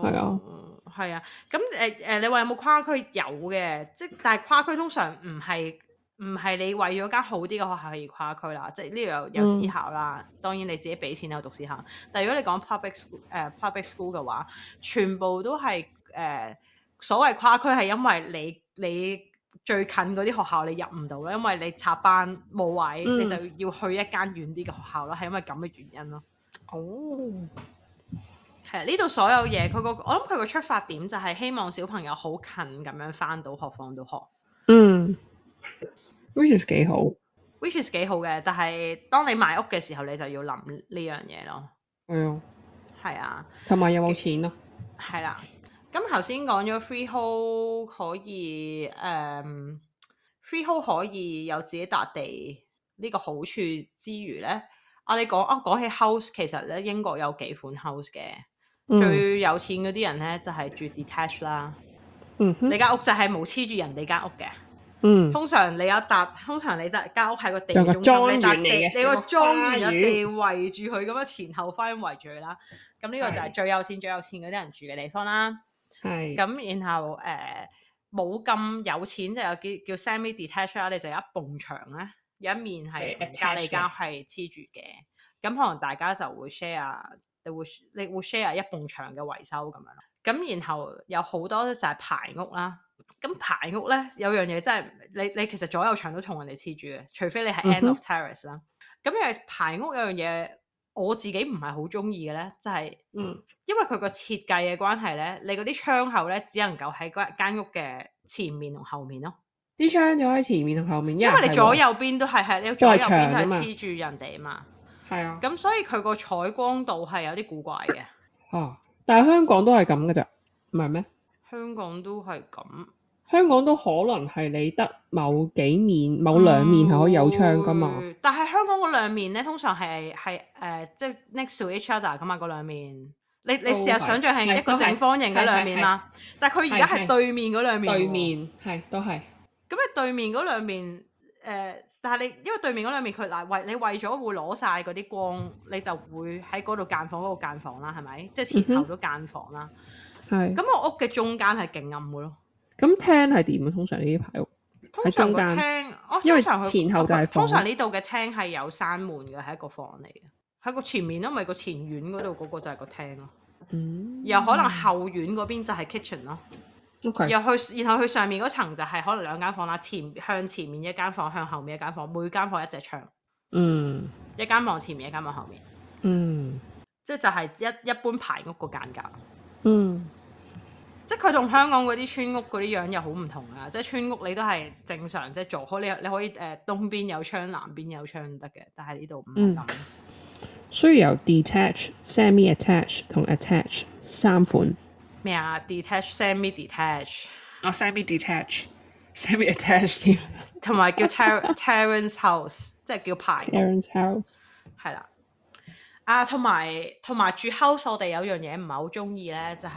係啊。 係啊，咁誒誒，你話有冇跨區？有嘅，即但係跨區通常唔係唔係你為咗間好啲嘅學校而跨區啦，即係呢度有有私校啦。嗯、當然你自己俾錢去讀私校，但係如果你講 public school 誒 public school 嘅話，全部都係誒、呃、所謂跨區係因為你你最近嗰啲學校你入唔到咧，因為你插班冇位，你就要去一間遠啲嘅學校啦，係、嗯、因為咁嘅原因咯。哦。係呢度所有嘢佢個，我諗佢個出發點就係希望小朋友好近咁樣返到學、放到學。嗯，which is 幾好，which is 幾好嘅，但係當你買屋嘅時候，你就要諗呢樣嘢咯。係、嗯、啊，係啊，同埋有冇錢咯？係、嗯、啦，咁頭先講咗 freehold 可以，誒、嗯、freehold 可以有自己笪地呢、呢個好處之餘咧，我哋講啊講、啊、起 house，其實咧英國有幾款 house 嘅。最有錢嗰啲人咧，就係住 detached 啦。嗯，你間屋就係冇黐住人哋間屋嘅。嗯，通常你有笪，通常你就間屋係個地中間，但係你個莊園有地圍住佢咁樣，前後方圍住佢啦。咁呢個就係最有錢、最有錢嗰啲人住嘅地方啦。係。咁然後誒，冇咁有錢就有叫叫 semi detached 啦，你就有一埲牆咧，有一面係隔籬間係黐住嘅。咁可能大家就會 share。你會你會 share 一埲牆嘅維修咁樣咯，咁然後有好多就係排屋啦。咁排屋咧有樣嘢真係，你你其實左右牆都同人哋黐住嘅，除非你係 end of terrace 啦。咁、嗯、哼因為排屋有樣嘢，我自己唔係好中意嘅咧，就係、是，嗯，因為佢個設計嘅關係咧，你嗰啲窗口咧只能夠喺間屋嘅前面同後面咯。啲窗就喺前面同後面，因為你左右邊都係係你左右邊都係黐住人哋啊嘛。係啊，咁所以佢個採光度係有啲古怪嘅。哦，但係香港都係咁噶咋，唔係咩？香港都係咁。嗯、香港都可能係你得某幾面、某兩面係可以有窗噶嘛。但係香港嗰兩面咧，通常係係誒，即係、呃就是、next to each other 噶嘛，嗰兩面。你你試下想像係一個正方形嘅兩面啦。但係佢而家係對面嗰兩、嗯、兩面。對面係都係。咁你對面嗰兩面誒？但係你因為對面嗰兩面佢嗱為你為咗會攞晒嗰啲光，你就會喺嗰度間房嗰、嗰個間房啦，係咪？即係前後都間房啦。係、嗯哼。咁、嗯、我屋嘅中間係勁暗嘅咯。咁廳係點啊？通常呢啲排屋。通常。廳，因為前後就係。通常呢度嘅廳係有閂門嘅，係一個房嚟嘅。喺個前面，因為個前院嗰度嗰個就係個廳咯。嗯。又可能後院嗰邊就係 kitchen 咯。又去，Okay. 然後去上面嗰層就係可能兩間房啦，前向前面一間房，向後面一間房，每間房一隻窗，嗯，一間房前面一間房後面，嗯，即係就係一一般排屋個間隔，嗯，即係佢同香港嗰啲村屋嗰啲樣又好唔同啊，即係村屋你都係正常即係做好，你你可以誒、呃、東邊有窗，南邊有窗得嘅，但係呢度唔同，需要 Detach、semi-attach 同 attach 三款。咩啊？Detach，Semi detach。啊，Semi detach，Semi attach 添同埋叫 Terrace House， 即係叫排。Terrace House。係啦。啊，同埋同埋住 house 我哋有樣嘢唔係好中意咧，就係、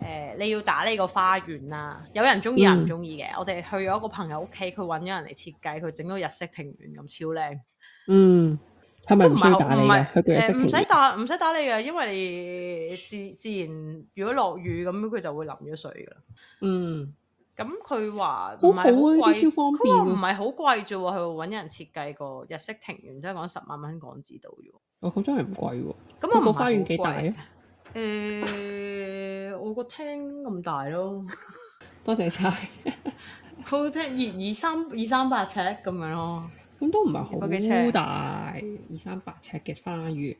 是、誒、呃、你要打理呢個花園啦、啊。有人中意，有人唔中意嘅。Mm. 我哋去咗一個朋友屋企，佢揾咗人嚟設計，佢整到日式庭園咁超靚。嗯。Mm. 係咪唔唔係？唔使打唔使、呃、打理嘅，因為你自自然如果落雨咁，佢就會淋咗水噶啦。嗯，咁佢話好好啊，貴超方便。唔係好貴啫，佢搵人設計個日式庭園，聽講十萬蚊港紙度啫。哦，咁真係唔貴喎、啊。咁冇花園幾大誒、啊呃，我個廳咁大咯。 多謝晒你。個 廳二二三二三百尺咁樣咯。咁都唔係好大，超大，二三百尺嘅花園。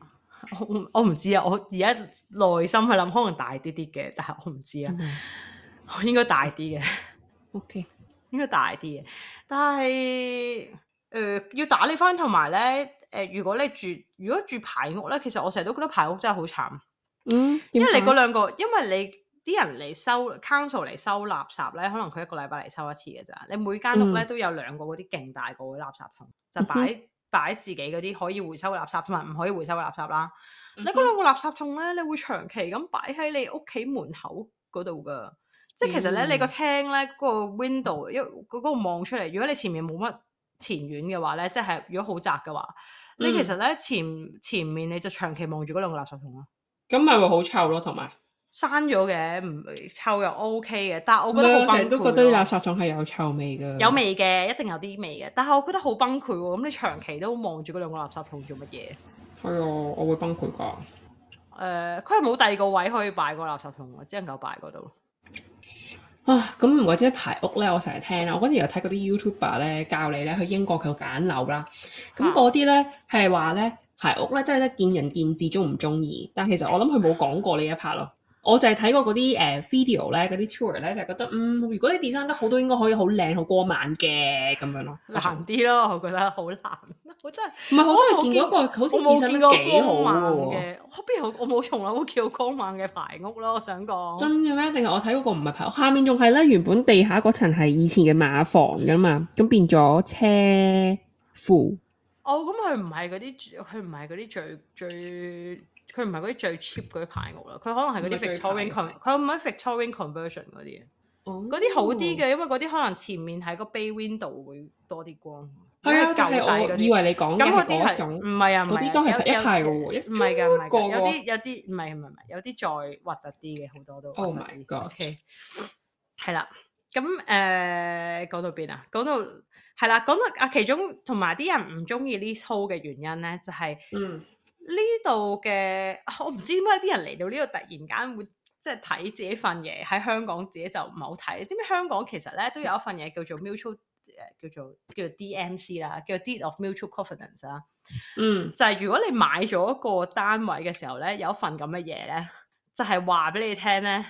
我唔知啊，我而家內心去諗，可能大啲啲嘅，但係我唔知啊。嗯、我應該大啲嘅。OK，應該大啲嘅。但係誒、呃，要打理翻，同埋咧誒，如果你住，如果住排屋咧，其實我成日都覺得排屋真係好慘。嗯，因為你嗰兩個，因為你。啲人嚟收 council 嚟收垃圾咧，可能佢一個禮拜嚟收一次嘅咋。你每間屋咧都有兩個嗰啲勁大個嘅垃圾桶，嗯、哼就擺擺自己嗰啲可以回收嘅垃圾同埋唔可以回收嘅垃圾啦。嗯、哼你嗰兩個垃圾桶咧，你會長期咁擺喺你屋企門口嗰度噶。即係其實咧，你個廳咧嗰、嗰個 window 一嗰嗰個望出嚟，如果你前面冇乜前院嘅話咧，即係如果好窄嘅話，嗯、你其實咧前前面你就長期望住嗰兩個垃圾桶啦。咁咪、嗯、會好臭咯，同埋。刪咗嘅唔臭又 O K 嘅，但係我覺得好崩潰，成日都覺得啲垃圾桶係有臭味嘅，有味嘅一定有啲味嘅，但係我覺得好崩潰喎。咁你長期都望住嗰兩個垃圾桶做乜嘢？係啊、哎，我會崩潰㗎。誒、呃，佢係冇第二個位可以擺個垃圾桶，只能夠擺嗰度啊。咁或者排屋咧，我成日聽啦。我嗰陣又睇嗰啲 YouTuber 咧教你咧去英國佢揀樓啦。咁嗰啲咧係話咧排屋咧，真係咧見仁見智，中唔中意？但其實我諗佢冇講過呢一 part 咯。我就係睇過嗰啲誒 video 咧，嗰啲 tour 咧、er，就係、是、覺得嗯，如果你 design 得好，都應該可以好靚、好光猛嘅咁樣咯。難啲咯，我覺得好難。我真係唔係好見到一個好我，我冇見過光猛嘅。我邊有我冇從來冇見到光猛嘅排屋咯？我想講真嘅咩？定係我睇嗰個唔係排屋，下面仲係咧。原本地下嗰層係以前嘅馬房㗎嘛，咁變咗車庫。哦，咁佢唔係嗰啲，佢唔係嗰啲最最。最佢唔係嗰啲最 cheap 嗰啲排屋啦，佢可能係嗰啲 Victorian con，佢唔可以 Victorian conversion 嗰啲哦，嗰啲好啲嘅，因為嗰啲可能前面喺個 bay window 會多啲光。係啊，就係我以為你講咁。嗰種，唔係啊，嗰啲都係一排嘅喎，唔係㗎，有啲有啲唔係唔係唔係，有啲再核突啲嘅好多都。Oh my god！OK，係啦，咁誒講到邊啊？講到係啦，講到啊，其中同埋啲人唔中意呢鋪嘅原因咧，就係嗯。呢度嘅我唔知點解啲人嚟到呢度突然間會即係睇自己份嘢喺香港自己就唔好睇。知唔知香港其實咧都有一份嘢叫做 mutual、呃、叫做叫做 DMC 啦，叫做 Deed of Mutual Confidence 啦。嗯，就係如果你買咗一個單位嘅時候咧，有一份咁嘅嘢咧，就係話俾你聽咧，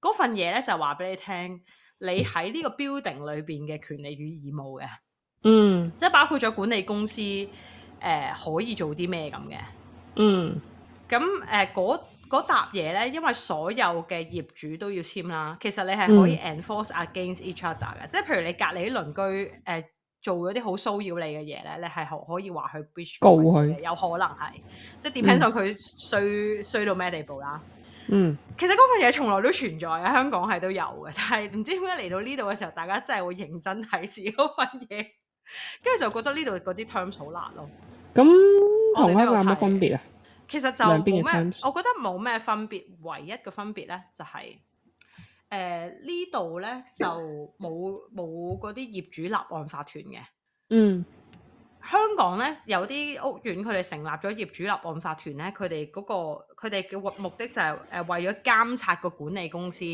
嗰份嘢咧就係話俾你聽，你喺呢個 building 裏邊嘅權利與義務嘅。嗯，即係包括咗管理公司誒、呃、可以做啲咩咁嘅。嗯，咁誒嗰沓嘢咧，因為所有嘅業主都要簽啦。其實你係可以 enforce against each other 嘅，嗯、即係譬如你隔離啲鄰居誒、呃、做咗啲好騷擾你嘅嘢咧，你係可以話佢 breach 告佢他，有可能係、嗯、即係 depends on 佢衰衰到咩地步啦。嗯，其實嗰份嘢從來都存在喺香港係都有嘅，但係唔知點解嚟到呢度嘅時候，大家真係會認真睇實嗰份嘢，跟 住就覺得呢度嗰啲 terms 好辣咯。咁同咧有乜分別啊？其實就冇咩，我覺得冇咩分別。唯一嘅分別咧，就係、是、誒、呃、呢度咧就冇冇嗰啲業主立案法團嘅。嗯，香港咧有啲屋苑，佢哋成立咗業主立案法團咧，佢哋嗰個佢哋嘅目的就係誒為咗監察個管理公司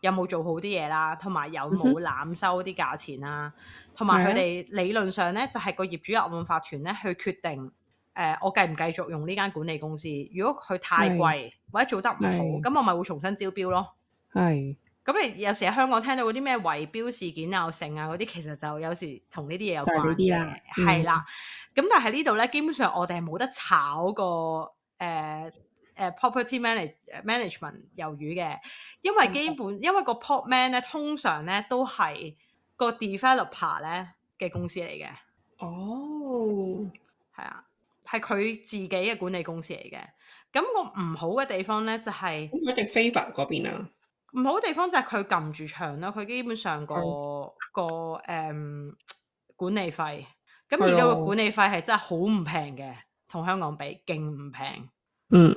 有冇做好啲嘢啦，同埋有冇濫收啲價錢啦，同埋佢哋理論上咧就係、是、個業主立案法團咧去決定。誒、呃，我繼唔繼續用呢間管理公司？如果佢太貴是或者做得唔好，咁是我咪會重新招標咯。係是。咁你有時喺香港聽到嗰啲咩圍標事件啊、成啊嗰啲，其實就有時同呢啲嘢有關嘅。係、嗯、啦。咁但係呢度咧，基本上我哋係冇得炒個誒誒 property manage management 魷魚嘅，因為基本、嗯、因為個 portman 咧通常咧都係個 developer 咧嘅公司嚟嘅。哦。係啊。係佢自己嘅管理公司嚟嘅，咁、個唔好嘅地方咧就係、是，一喺非 f 嗰邊啊，唔好地方就係佢撳住牆啦，佢基本上個、嗯、個誒、um, 管理費，咁而家個管理費係真係好唔平嘅，同香港比勁唔平。嗯，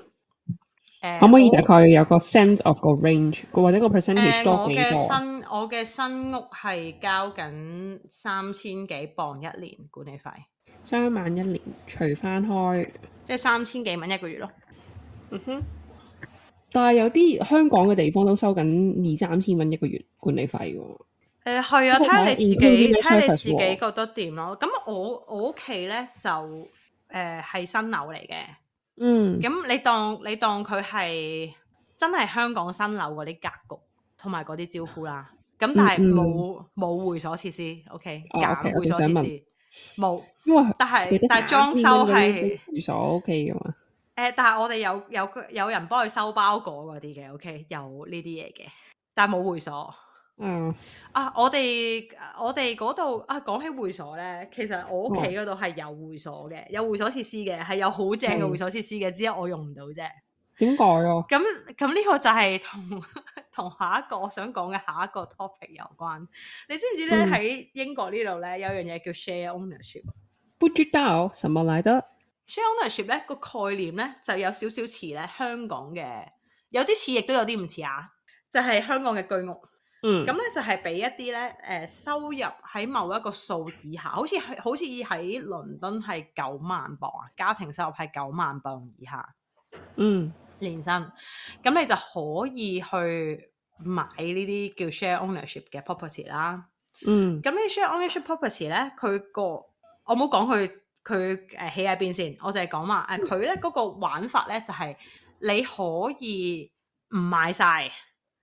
嗯可唔可以大概有個 sense of 個 range，或者個 percentage 多,、嗯、多幾多我新我嘅新屋係交緊三千幾磅一年管理費。三萬一年除翻開，即係三千幾蚊一個月咯。嗯哼，但係有啲香港嘅地方都收緊二三千蚊一個月管理費噶。誒係啊，睇下你自己，睇下你自己覺得點咯。咁我我屋企咧就誒係、呃、新樓嚟嘅。嗯。咁你當你當佢係真係香港新樓嗰啲格局同埋嗰啲招呼啦。咁但係冇冇會所設施。O K. 減會所設施。嗯嗯冇，但係但係裝修係會所 O K 噶嘛？誒，但係我哋有有有人幫佢收包裹嗰啲嘅 O K，有呢啲嘢嘅，但係冇會所。嗯啊，啊，我哋我哋嗰度啊，講起會所呢，其實我屋企嗰度係有會所嘅，哦、有會所設施嘅，係有好正嘅會所設施嘅，是只係我用唔到啫。點改啊？咁咁呢個就係同。同下一個我想講嘅下一個 topic 有關，你知唔知咧？喺、嗯、英國呢度咧有樣嘢叫 share ownership。不知道，什麼嚟得？share ownership 咧、個概念咧就有少少似咧香港嘅，有啲似，亦都有啲唔似啊！就係、是、香港嘅居屋，嗯，咁咧就係俾一啲咧誒收入喺某一個數以下，好似好似喺倫敦係九萬磅啊，家庭收入係九萬磅以下，嗯。連身咁你就可以去買呢啲叫 share ownership 嘅 property 啦。嗯，咁 sh 呢 share ownership property 咧，佢個我冇講佢佢誒起喺邊先，我就係講話誒佢咧嗰個玩法咧就係、是、你可以唔買晒，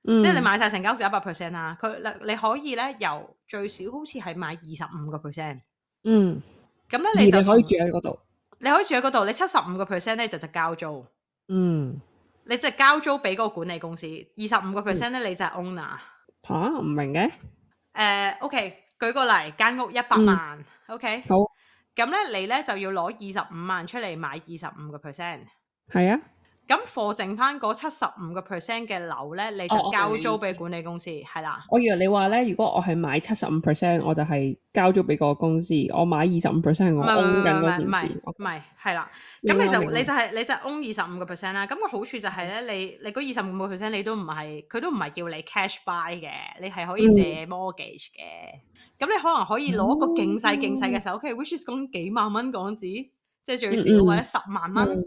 嗯、即係你買晒成間屋就一百 percent 啦。佢你你可以咧由最少好似係買二十五個 percent。嗯，咁咧你就可以住喺嗰度，你可以住喺嗰度，你七十五個 percent 咧就就交租。嗯。你就係交租俾嗰個管理公司，二十五個 percent 咧，呢嗯、你就係 owner。嚇唔、啊、明嘅？誒、uh，OK，舉個例，間屋一百萬、嗯，OK。好。咁咧，你咧就要攞二十五萬出嚟買二十五個 percent。係啊。咁貨剩翻嗰七十五個 percent 嘅樓咧，你就交租俾管理公司，係啦。我以為你話咧，如果我係買七十五 percent，我就係交租俾個公司。我買二十五 percent，我 own 緊嗰件事。唔係唔係，係啦。咁你就你就係你就 own 二十五個 percent 啦。咁個好處就係咧，你你嗰二十五個 percent 你都唔係，佢都唔係叫你 cash buy 嘅，你係可以借 mortgage 嘅。咁你可能可以攞個勁細勁細嘅首期，which is 講幾萬蚊港紙，即係最少或者十萬蚊。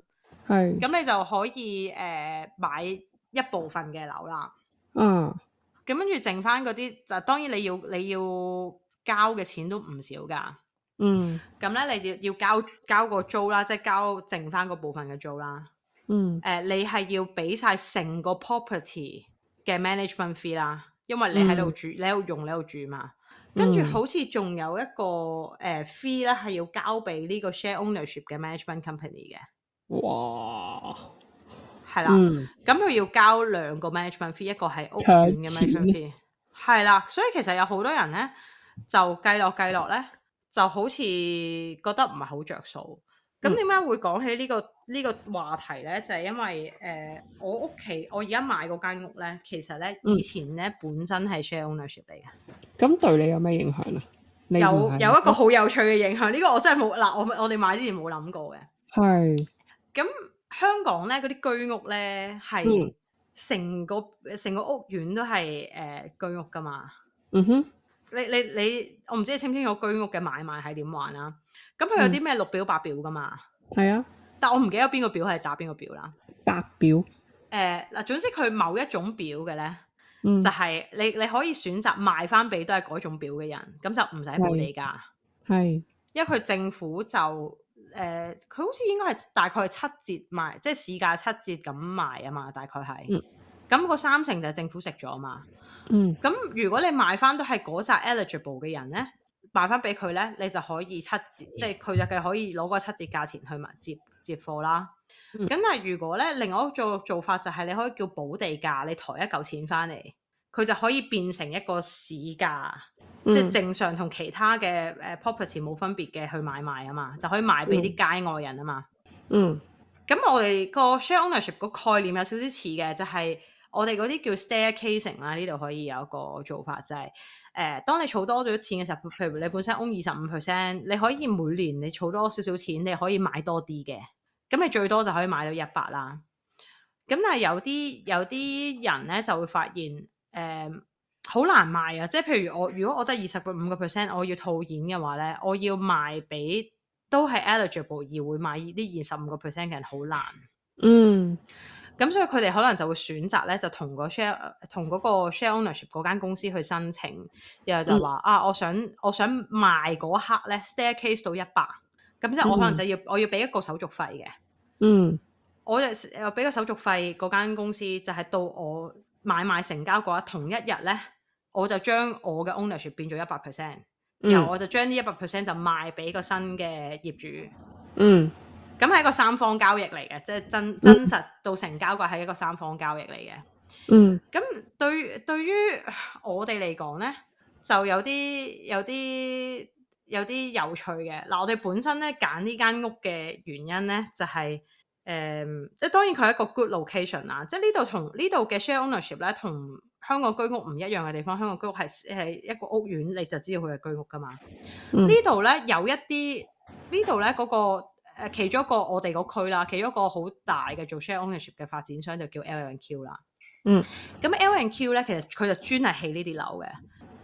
係咁，你就可以誒、呃、買一部分嘅樓啦。嗯、啊，咁跟住剩翻嗰啲就當然你要你要交嘅錢都唔少㗎。嗯，咁咧你要要交交個租啦，即係交剩翻嗰部分嘅租啦。嗯，誒、呃、你係要俾晒成個 property 嘅 management fee 啦，因為你喺度住，嗯、你喺度用，你喺度住嘛。跟住好似仲有一個誒、呃、fee 咧，係要交俾呢個 share ownership 嘅 management company 嘅。哇，係啦了，咁佢、嗯、要交兩個 management fee，一個係屋苑嘅 management fee，係啦，所以其實有好多人咧就計落計落咧，就好似覺得唔係好着數。咁點解會講起呢、這個呢、嗯、個話題咧？就係、是、因為誒、呃，我，我屋企我而家買嗰間屋咧，其實咧以前咧本身係 share ownership 嚟嘅。咁、嗯、對你有咩影響咧？有有一個好有趣嘅影響，呢、哦、個我真係冇嗱，我我哋買之前冇諗過嘅，係。咁香港咧，嗰啲居屋咧係成個成、嗯、個屋苑都係誒、呃、居屋噶嘛。嗯哼，你你你，我唔知你清唔清楚居屋嘅買賣係點玩啦。咁佢有啲咩綠表白表噶嘛？係、嗯、啊，但我唔記得邊個表係打邊個表啦。白表。誒嗱、呃，總之佢某一種表嘅咧，嗯、就係你你可以選擇賣翻俾都係嗰種表嘅人，咁就唔使補地價。係，因為佢政府就。誒，佢、呃、好似應該係大概係七折賣，即係市價七折咁賣啊嘛，大概係。咁個、嗯、三成就係政府食咗啊嘛。咁、嗯、如果你賣翻都係嗰扎 eligible 嘅人咧，賣翻俾佢咧，你就可以七折，即係佢就係可以攞個七折價錢去接接貨啦。咁、嗯、但係如果咧，另外一個做做法就係你可以叫補地價，你抬一嚿錢翻嚟。佢就可以變成一個市價，嗯、即係正常同其他嘅誒 property 冇分別嘅去買賣啊嘛，就可以賣俾啲街外人啊嘛，嗯。嗯，咁我哋個 share ownership 個概念有少少似嘅，就係、是、我哋嗰啲叫 staircasing 啦、啊。呢度可以有一個做法，就係、是、誒、呃，當你儲多咗錢嘅時候，譬如你本身 own 二十五 percent，你可以每年你儲多少少錢，你可以買多啲嘅。咁你最多就可以買到一百啦。咁但係有啲有啲人咧就會發現。誒，好、uh，難賣啊！即係譬如我，如果我得二十五個 percent，我要套現嘅話咧，我要賣俾都係 eligible 而會買呢二十五個 percent 嘅人，好難。嗯，咁所以佢哋可能就會選擇咧，就同個 share，同嗰個 share ownership 嗰間公司去申請，然後就話、嗯、啊，我想我想賣嗰刻咧，staircase 到一百，咁即係我可能就要、嗯、我要俾一個手續費嘅。嗯，我就又俾個手續費，嗰間公司就係、是、到我。買賣成交嘅同一日呢，我就將我嘅 ownership 變咗一百 percent，然後我就將呢一百 percent 就賣俾個新嘅業主。嗯，咁係一個三方交易嚟嘅，即係真真實到成交嘅係一個三方交易嚟嘅。嗯，咁對對於我哋嚟講呢，就有啲有啲有啲有趣嘅。嗱，我哋本身呢，揀呢間屋嘅原因呢，就係、是。誒，即係、嗯、當然佢係一個 good location 啦，即係呢度同呢度嘅 share ownership 咧，同香港居屋唔一樣嘅地方。香港居屋係誒一個屋苑，你就知道佢係居屋㗎嘛。嗯、呢度咧有一啲，呢度咧嗰個誒其中一個我哋嗰區啦，其中一個好大嘅做 share ownership 嘅發展商就叫 L and Q 啦。嗯，咁 L and Q 咧，其實佢就專係起呢啲樓嘅，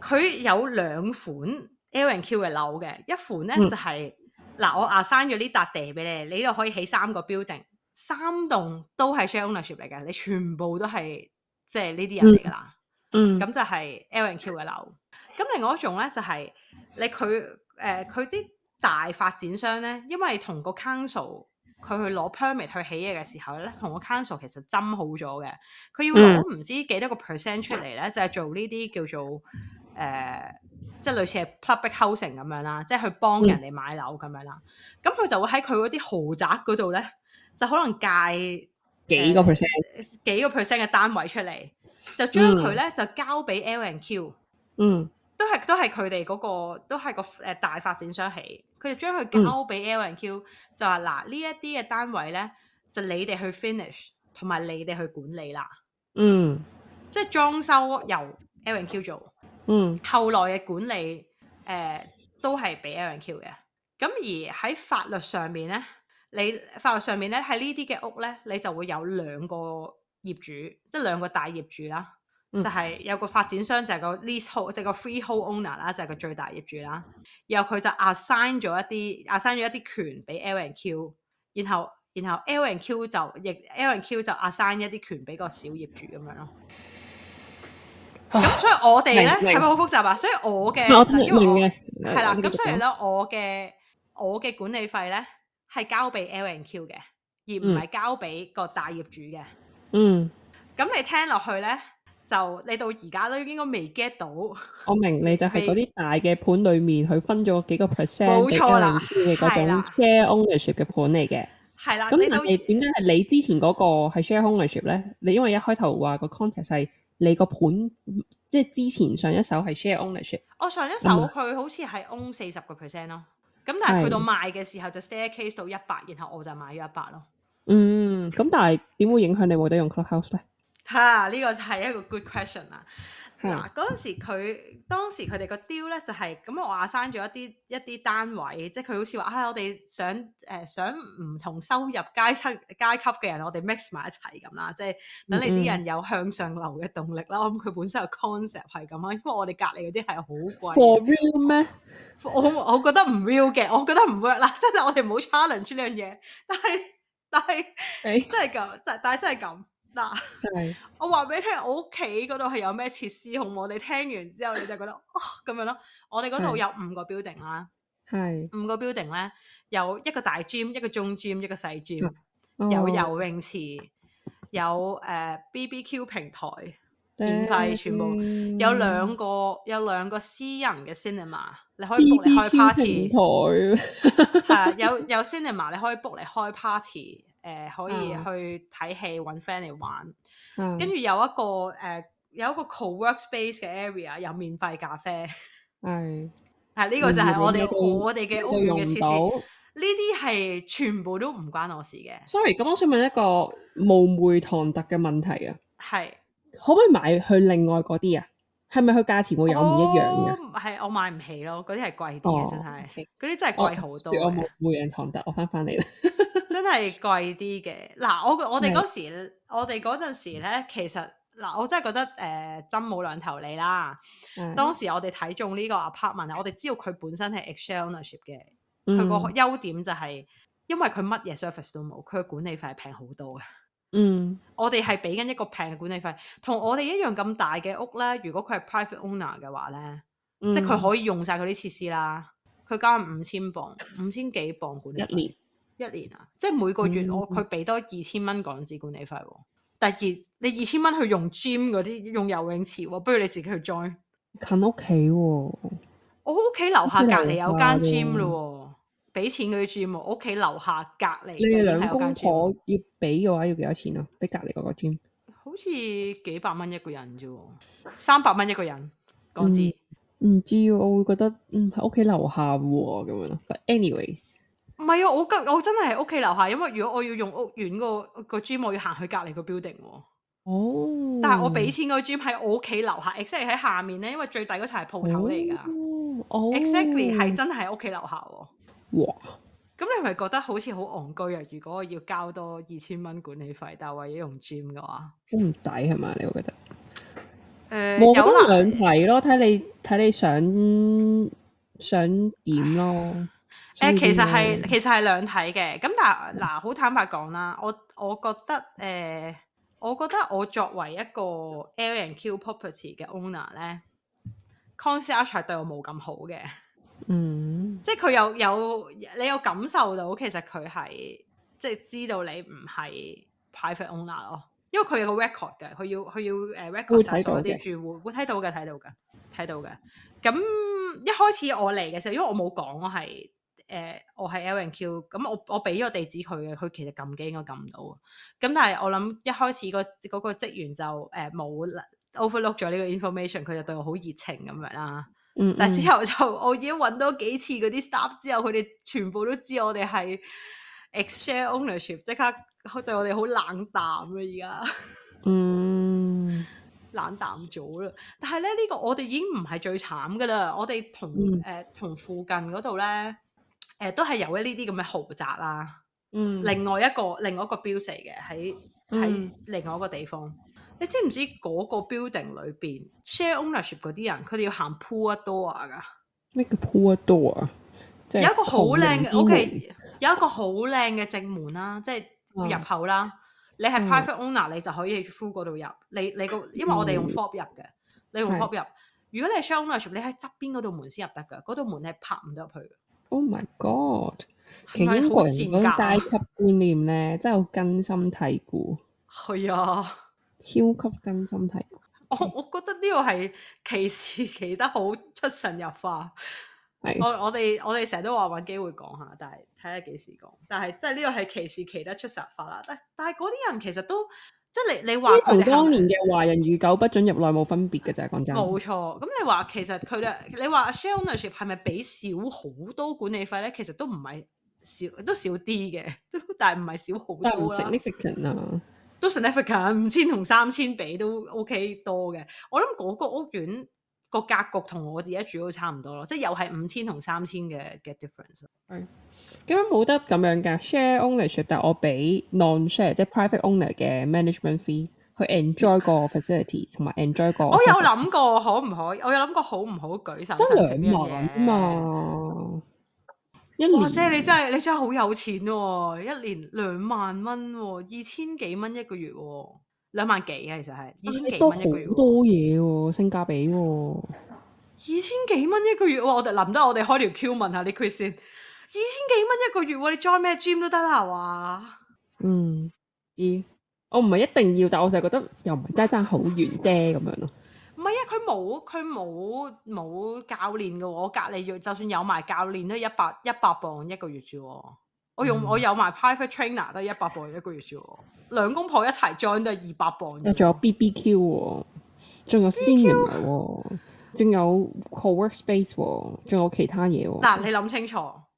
佢有兩款 L and Q 嘅樓嘅，一款咧就係。嗯嗱，我 assign 咗呢笪地俾你，你呢度可以起三個 building，三棟都係 share ownership 嚟嘅，你全部都係即係呢啲人嚟噶啦，嗯，咁就係 L and Q 嘅樓。咁另外一種咧就係、是、你佢誒佢啲大發展商咧，因為同個 council 佢去攞 permit 去起嘢嘅時候咧，同個 council 其實斟好咗嘅，佢要攞唔知幾多個 percent 出嚟咧，就係、是、做呢啲叫做誒。呃即係類似係 public housing 咁樣啦，即係去幫人哋買樓咁樣啦。咁佢、嗯、就會喺佢嗰啲豪宅嗰度咧，就可能介、呃、幾個 percent，幾個 percent 嘅單位出嚟、嗯，就將佢咧就交俾 L&Q。嗯，都係都係佢哋嗰個，都係個誒大發展商起，佢就將佢交俾 L&Q，嗯、就話嗱呢一啲嘅單位咧，就你哋去 finish，同埋你哋去管理啦。嗯，即係裝修由 L&Q 做。嗯，後來嘅管理誒、呃、都係俾 L&Q 嘅，咁而喺法律上面咧，你法律上面咧喺呢啲嘅屋咧，你就會有兩個業主，即兩個大業主啦，嗯、就係有個發展商就係個 lease hold，即個 freehold owner 啦，就係、是、個最大業主啦，然後佢就 assign 咗一啲 assign 咗一啲權俾 L&Q，然後然後 L&Q 就亦 L&Q 就 assign 一啲權俾個小業主咁樣咯。咁所以我哋咧係咪好複雜啊？所以我嘅，因為我係啦，咁所以咧我嘅我嘅管理費咧係交俾 L and Q 嘅，而唔係交俾個大業主嘅。嗯，咁、嗯、你聽落去咧，就你到而家都應該未 get 到。我明，你就係嗰啲大嘅盤裡面，佢你分咗幾個 percent 冇 L and Q 嗰種 share ownership 嘅盤嚟嘅。係啦、嗯，咁、嗯、你係點解係你之前嗰個係 share ownership 咧？你因為一開頭話個 context 係。你個盤即係之前上一手係 share ownership 我上一手佢、嗯、好似係 own 四十個 percent 咯，咁但係去到賣嘅時候是就 staircase 到一百，然後我就買咗一百咯。嗯，咁但係點會影響你冇得用 clubhouse 咧、啊？吓，呢個就係一個 good question 啦。嗱，嗰陣時佢當時佢哋個 deal 咧，就係、是、咁我話刪咗一啲一啲單位，即係佢好似話啊我哋想誒、呃、想唔同收入階層階級嘅人，我哋 mix 埋一齊咁啦，即係等你啲人有向上流嘅動力啦。嗯嗯，我諗佢本身個 concept 係咁啊，因為我哋隔離嗰啲係好貴。For real 咩？我我覺得唔 real 嘅，我覺得唔 work 啦，真係我哋冇 challenge 呢樣嘢。但係但係真係咁，但、欸、但係真係咁。嗱，我話俾你聽，我屋企嗰度係有咩設施，好唔好？你聽完之後你就覺得哦咁樣咯。我哋嗰度有五個 building 啦，係五個 building 咧，有一個大 gym，一個中 gym，一個細 gym，有游泳池，有誒 BBQ 平台，免費，全部有兩個有兩個私人嘅 cinema，你可以 book 嚟開 party 台，係有有 cinema，你可以 book 嚟開 party。誒，uh, 可以去睇戲，搵 friend 嚟玩，跟住 Yeah. 有一個誒，uh, 有一個 co-work space 嘅 area 有免費咖啡，係 啊， 呢個就係我哋我哋嘅屋苑嘅設施，呢啲係全部都唔關我的事嘅。Sorry，咁我想問一個冒昧唐突嘅問題啊，係是可唔可以買去另外嗰啲啊？係咪佢價錢會有唔一樣嘅？係、oh, 我買唔起咯，嗰啲係貴啲嘅，oh, okay. 真係嗰啲真係貴好多、oh, 我。我冒昧唐突，我翻翻嚟啦。真係貴啲嘅，嗱我我哋嗰時，的我哋嗰陣時咧，其實嗱我真係覺得誒、呃，真冇兩頭利啦。的當時我哋睇中呢個 apartment，我哋知道佢本身係 ex-council 嘅，佢個優點就係、是、因為佢乜嘢 service 都冇，佢管理費平好多嘅。嗯的，我哋係俾緊一個平嘅管理費，同我哋一樣咁大嘅屋咧。如果佢係 private owner 嘅話咧，的即係佢可以用晒佢啲設施啦。佢加五千磅，五千幾磅管理一年。一年啊，即係每個月、嗯、我佢俾多二千蚊港紙管理費喎、啊。第二，你二千蚊去用 gym 嗰啲，用游泳池喎、啊，不如你自己去 join。近屋企喎。我屋企樓下隔離有間 gym 咯、啊，俾錢嗰啲 gym 喎。屋企樓下隔離你哋兩公婆要俾嘅話，要幾多錢啊？俾隔離嗰個 gym。好似幾百蚊一個人啫、啊，三百蚊一個人港紙。唔、嗯、知啊，我會覺得嗯喺屋企樓下喎、啊、咁樣咯。But、anyways。唔係啊，我我真係喺屋企樓下。因為如果我要用屋苑個個 gym，我要行去隔籬個 building。哦。但係我俾錢個 gym 喺我屋企樓下，exactly 喺下面咧，因為最底嗰層係鋪頭嚟噶。哦。exactly 係真係喺屋企樓下。哇！咁你係咪覺得好似好戇居啊？如果我要交多二千蚊管理費，但係為咗用 gym 嘅話，好唔抵係嘛？你會覺得？誒、呃，冇可能兩齊咯，睇人你睇你想想點咯。誒、嗯，其實係其實係兩體嘅，咁但嗱好坦白講啦，我我覺得誒、呃，我覺得我作為一個 L and Q property 嘅 owner 咧，council 係對我冇咁好嘅，嗯，即係佢有有你有感受到，其實佢係即係知道你唔係 private owner 咯，因為佢有個 record 嘅，佢要佢要誒 record 晒所有啲住戶，會睇到嘅，睇到嘅，睇到嘅，咁一開始我嚟嘅時候，因為我冇講我係。誒、uh，我係 L&Q，咁我我俾咗地址佢嘅，佢其實撳機應該撳唔到，咁但係我諗一開始、那個嗰、那個職員就誒冇、呃、overlook 咗呢個 information，佢就對我好熱情咁樣啦。嗯嗯，但係之後就我已經揾多幾次嗰啲 staff 之後，佢哋全部都知我哋係 ex share ownership，即刻對我哋好冷淡啦，而 家嗯，冷淡咗啦。但係咧呢、這個我哋已經唔係最慘噶啦，我哋同誒、嗯呃、同附近嗰度咧。誒都係由一呢啲咁嘅豪宅啦、啊，嗯另，另外一個另外一個 building 嘅喺喺另外一個地方。嗯、你知唔知嗰個 building 裏邊 share ownership 嗰啲人，佢哋要行 poor door 噶？咩叫 poor door？有一個好靚嘅 OK，有一個好靚嘅正門啦，即係入口啦。嗯、你係 private owner，你就可以去 full 嗰度入。你你個因為我哋用 for 入嘅，嗯、你用 for 入。是如果你係 share ownership，你喺側邊嗰度門先入得噶，嗰度門係拍唔到入去。Oh my god！其實英國人嗰種階級觀念咧，真係好根深蒂固。係啊，超級根深蒂固。我我覺得呢個係歧視歧得好出神入化。是我我哋我哋成日都話揾機會講下，但係睇下幾時講。但係即係呢個係歧視歧得出神入化啦。但但係嗰啲人其實都～即係你你話同當年嘅華人與狗不准入內冇分別就啫，講真。冇錯，咁你話其實佢哋，你話阿 shared ownership 係咪俾少好多管理費咧？其實都唔係少，都少啲嘅，都但係唔係少好多啦。都 significant 啊，都 significant，五千同三千俾都 OK 多嘅。我諗嗰個屋苑個格局同我而家住都差唔多咯，即係又係五千同三千嘅嘅 difference。係。咁樣冇得咁樣噶，share ownership，但係我俾 non-share 即係 private owner 嘅 management fee 去 enjoy 個 facility，同埋 enjoy 個。我有諗過，可唔可以？我有諗過，好唔好？舉手真係。即係兩萬啫嘛，一年。哇！即係你真係你真係好有錢喎，一年兩萬蚊，二千幾蚊一個月，兩萬幾啊！其實係。二千幾蚊一個月？好多嘢喎，性價比喎。二千幾蚊一個月，哇！我哋諗得，能能我哋開條 Q 問下你 Chris 先。二千幾蚊一個月喎、啊，你 join 咩 gym 都得啦係嘛？嗯，知我唔係一定要，但係我成日覺得又唔係真爭好遠啫咁樣咯。唔係啊，佢冇佢冇冇教練噶，我隔籬月就算有埋教練都一百一百磅一個月啫、啊。我用、嗯、我有埋 private trainer 都係一百磅一個月啫。兩公婆一齊 join 都係二百磅。啊，仲、啊、有 BBQ 喎、啊，仲有 CQ，、啊、B 仲有 co-working space，仲、啊、有其他嘢、啊。嗱、啊，你諗清楚。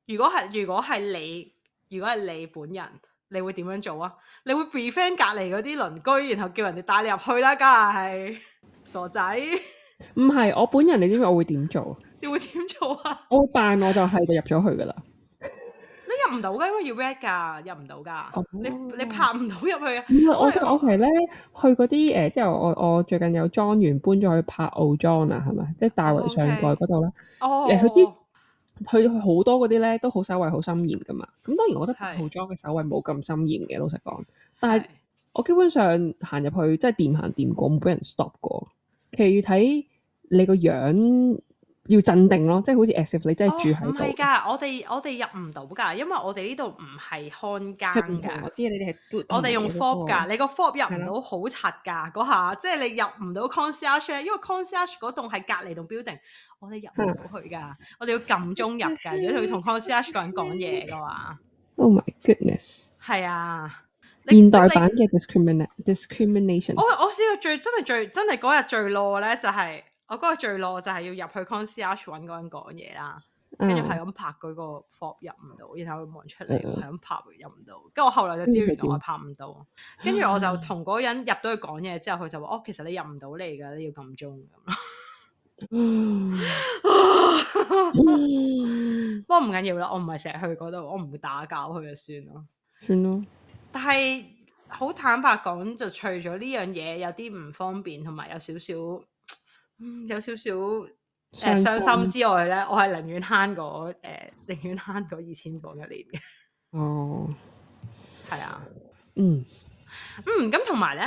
如果係如果係你，如果係你本人，你會點樣做啊？你會 befriend 隔籬嗰啲鄰居，然後叫人哋帶你入去啦、啊？梗係傻仔？唔係我本人，你知唔知我會點做？你會點做啊？我扮我就係就是、入咗去噶啦，你入唔到噶，因為要 red 噶，入唔到噶。你你拍唔到入去啊？唔、嗯、我是我成日咧去嗰啲誒，之、呃、後我我最近有裝完搬咗去柏傲莊啊，係咪？即、就、係、是、大圍上蓋嗰度啦。Oh, okay. 哦，佢之。 去好多嗰啲咧都好守衛好森嚴噶嘛，咁、嗯、當然我覺得套裝嘅守衛冇咁森嚴嘅，的老實講，但係我基本上行入去即係掂行掂過冇畀人 stop 過，其實要睇你個樣。要鎮定咯，即係好似 except 你真係住喺度，唔係㗎，我哋我哋入唔到㗎，因為我哋呢度唔係看更㗎。我知你哋係，我哋用 form 㗎，你個 form 入唔到好柒㗎嗰下，即係你入唔到 concierge，因為 concierge 嗰棟係隔離棟 building，我哋入唔到去㗎，我哋要撳鐘入㗎。 如果要同 concierge 個人講嘢嘅話，話 ，Oh my goodness，係啊，現代版嘅 discrimination。我我試過最，最，最，最，最真係最真係嗰日最 low 咧、就是，就係。我嗰個最攞就係要入去 Concierge 搵嗰人講嘢啦，跟住係咁拍佢個 fob，入唔到，然後佢望出嚟係咁拍，入唔到，跟住我後來就知道原來我拍唔到，跟住我就同嗰人入到去講嘢之後，佢就話：哦，其實你入唔到嚟㗎，你要撳鐘咁咯。 uh uh. 不過唔緊要啦，我唔係成日去嗰度，我唔會打攪佢就算咯，算咯了。但係好坦白講，就除咗呢樣嘢有啲唔方便，同埋有少少。嗯、有少少誒、呃、傷心之外咧， 我係寧願慳嗰誒，寧願慳嗰二千磅一年嘅。 哦，係 啊，嗯嗯，咁同埋咧，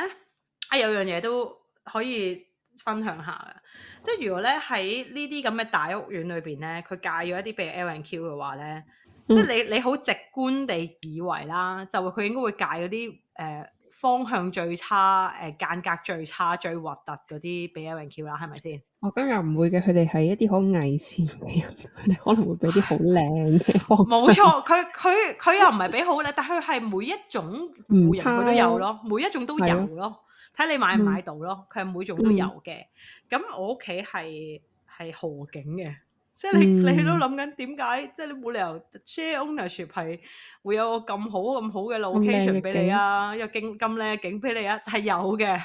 啊有、哎、有樣嘢都可以分享下嘅，即、就、係、是、如果咧喺呢啲咁嘅大屋苑裏邊咧，佢介咗一啲譬如 L&Q 嘅話咧，即係、嗯、你你好直觀地以為啦，就佢應該會介嗰啲誒。呃方向最差、誒、呃、間隔最差、最核突嗰啲俾阿榮翹啦，係咪先？我今日唔會嘅，佢哋係一啲好危險嘅人，佢哋可能會俾啲好靚嘅。冇 錯，佢佢佢又唔係俾好靚，但佢係每一種戶型佢都有咯，每一種都有咯，睇、啊、你買唔買到咯。佢係、嗯、每種都有嘅。咁、嗯、我屋企係係河景嘅。即係你，你都諗緊點解？嗯、即係你冇理由 share ownership 係會有個咁好、咁好嘅 location 俾你啊，又勁咁靚景俾你啊，係有嘅。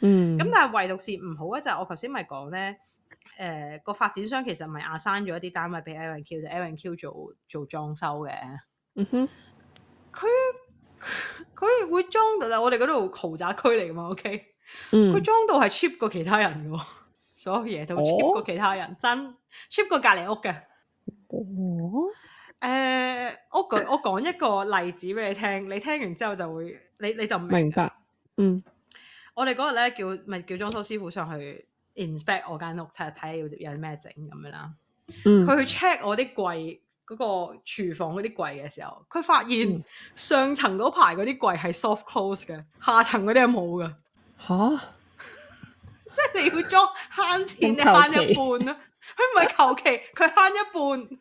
嗯。咁但係唯獨是唔好咧，就係、是、我頭先咪講咧，誒、呃、個發展商其實唔係亞刪咗一啲單位俾 L&Q，就 L&Q 做做裝修嘅。嗯、哼。佢佢會裝，但係我哋嗰度豪宅區嚟噶嘛？O K。Okay? 嗯。佢裝到係 cheap 過其他人噶。所有嘢都 cheap 過、oh? 其他人，真 cheap 過隔離屋嘅。哦，誒，我舉我講一個例子俾你聽，你聽完之後就會，你你就明白，明白。嗯，我哋嗰日咧叫咪叫裝修師傅上去 inspect 我間屋，睇睇有啲咩整咁樣啦。佢、嗯、去 check 我啲櫃嗰、嗰個廚房嗰啲櫃嘅時候，佢發現上層嗰排嗰啲櫃係 soft close 嘅，下層嗰啲係冇嘅。嚇、啊！即係你要裝慳錢，你慳一半啦、啊。佢唔係求其，佢慳一半。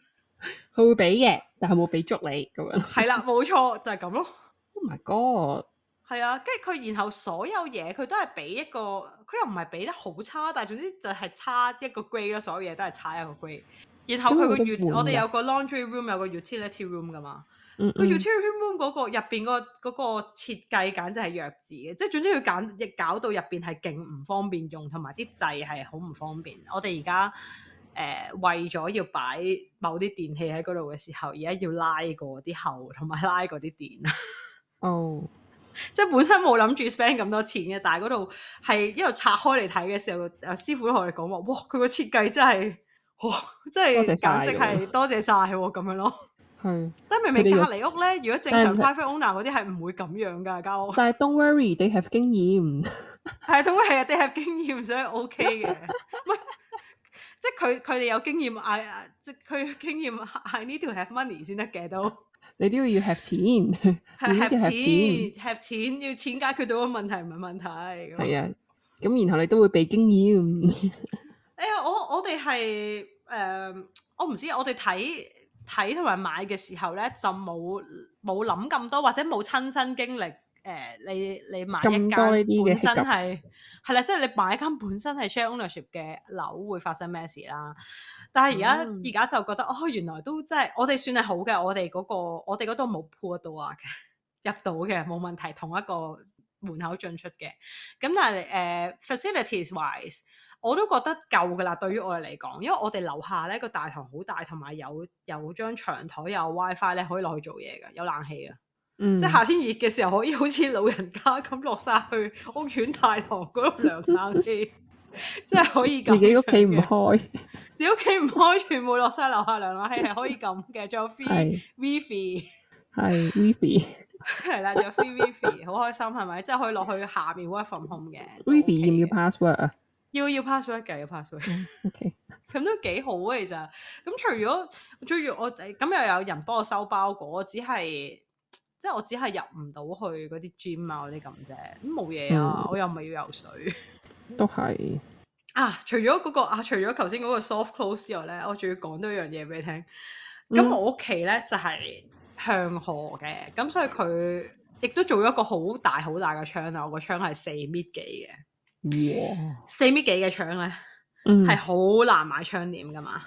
佢 會俾嘅，但係冇俾足你咁樣。係 啦，冇錯就係、是、咁咯。Oh my god！係啊，跟住佢然後所有嘢佢都係俾一個，佢又唔係俾得好差，但係總之就係差一個 grade 咯。所有嘢都係差一個 grade。然後佢個月，我哋有個 laundry room，有個 utility room 噶嘛。佢 traditional room 嗰個入邊個嗰個設計簡直係弱智嘅，即係總之佢揀亦搞到入邊係勁唔方便用，同埋啲掣係好唔方便。我哋而家誒為咗要擺某啲電器喺嗰度嘅時候，而家要拉過啲喉，同埋拉過啲電啊。哦， 即係本身冇諗住 spend 咁多錢嘅，但係嗰度係一路拆開嚟睇嘅時候，誒師傅都同我哋講話，哇！佢個設計真係，哇！真係簡直係多謝晒喎咁樣咯。係，但明明隔籬屋咧，如果正常 buyer owner 嗰啲係唔會咁樣噶，家但係 don't worry，they have 經驗，係，都係，they have 經驗，所以 OK 嘅。即係佢佢哋有經驗，I 即係佢經驗喺呢度 have money 先得嘅都。你都要要 have 錢，have 錢，have 錢，要錢解決到個問題唔係問題。係啊，咁然後你都會備經驗。誒，我我哋係誒，我唔知，我哋睇睇同埋買嘅時候咧，就冇冇諗咁多，或者冇親身經歷。誒，你你買一間本身係係啦，即係你買一間本身係 share ownership 嘅樓，會發生咩事啦？但係而家而家就覺得哦，原來都真係我哋算係好嘅，我哋嗰個我哋嗰度冇鋪得到啊，嘅入到嘅冇問題，同一個門口進出嘅。咁但係誒 facilities wise。我都覺得夠噶啦，對於我哋嚟講，因為我哋樓下咧個大堂好大，同埋有有張長台，有，有，有 WiFi 咧可以落去做嘢嘅，有冷氣嘅。嗯，即係夏天熱嘅時候，可以好似老人家咁落晒去屋苑大堂嗰度涼冷氣，真 係可以咁。自己屋企唔開， 自己屋企唔開，全部落晒樓下涼冷氣係可以咁嘅，仲有 free wifi，係 wifi，係啦，仲有 free wifi，好開心係咪？ 即係可以落去下面 work from home 嘅，wifi 要唔要 password？要要 pass 咗一要 pass Okay .咗。咁都幾好啊，其實。咁除咗，除咗我，咁又有人幫我收包裹，我只係，即係我只係入唔到去嗰啲 gym 啊，嗰啲咁啫。咁冇嘢啊，嗯、我又唔係要游水。 都係是、啊嗰個。啊，除咗嗰個啊，除咗頭先嗰個 soft close 之外咧，我仲要講多一樣嘢俾你聽。咁我屋企咧就係、是、向河嘅，咁所以佢亦都做咗一個好大好大嘅窗啊！我個窗係四米幾嘅。四米幾嘅窗咧，係好、嗯、難買窗簾噶嘛？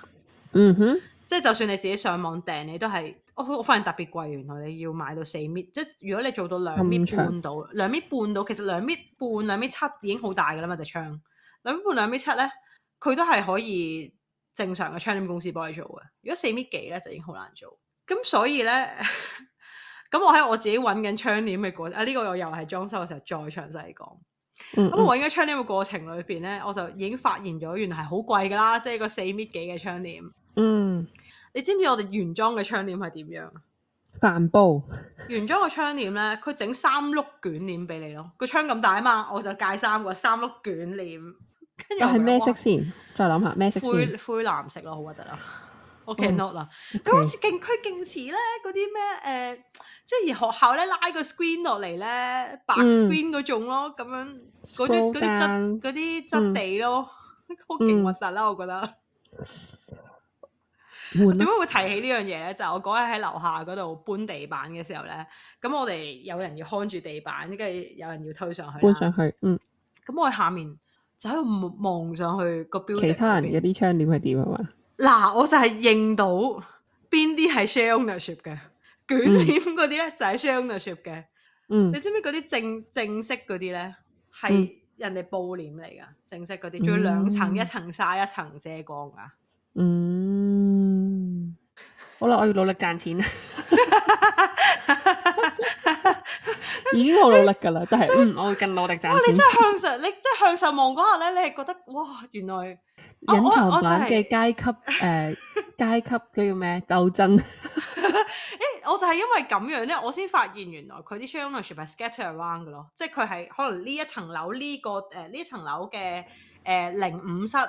嗯哼，即係就，就算你自己上網訂，你都係我我發現特別貴。原來你要買到四米，即、就、係、是、如果你做到兩米半到兩、嗯、哼米半到，其實兩米半兩米七已經好大噶啦嘛，隻窗兩米半兩米七咧，佢都係可以正常嘅窗簾公司幫你做嘅。如果四米幾咧，就已經好難做。咁所以咧，咁 我喺我自己搵緊窗簾嘅過啊，呢、這個又係裝修嘅時候再詳細講。咁、嗯嗯啊、我揾嘅窗簾嘅過程裏邊咧，我就已經發現咗，原來係好貴噶啦，即係個四米幾嘅窗簾。嗯，你知唔知我哋原裝嘅窗簾係點樣？帆煲布？原裝嘅窗簾咧，佢整三碌卷簾俾你咯。個窗咁大啊嘛，我就戒三個三碌捲簾。跟住係咩色先？哇再諗下咩色先？灰灰藍色咯，好核突啦。Okay not 啦。佢好似勁區勁似咧，嗰啲咩誒？即係而學校咧拉個 screen 落嚟咧白 screen 嗰種咯，咁、嗯、樣嗰啲啲質啲質地咯，好勁核實啦！嗯、我覺得點解會提起呢樣嘢咧？就係、我嗰日喺樓下嗰度搬地板嘅時候咧，咁我哋有人要看住地板，跟住有人要推上去搬上去。嗯，咁我下面就喺度望上去個標。其他人啲窗簾係點啊？嘛嗱，我就係認到邊啲係 share ownership 嘅。捲簾嗰啲咧就係雙人 ship 嘅，嗯，你知唔知嗰啲正正式嗰啲咧係人哋布簾嚟噶正式嗰啲仲要兩層一層紗，一層遮光噶、啊，嗯，好啦，我要努力賺錢， 已經好努力噶啦，但係 嗯，我會更努力賺錢。你真係向上，你真係向上望嗰下咧，你係覺得哇，原來。隱藏版嘅階級，誒階級，叫咩鬥爭？誒，我就係因為咁樣咧，我先發現原來佢啲 shared ownership 係 scatter around 嘅咯，即係佢係可能呢一層樓呢個誒呢層樓嘅誒零五室，誒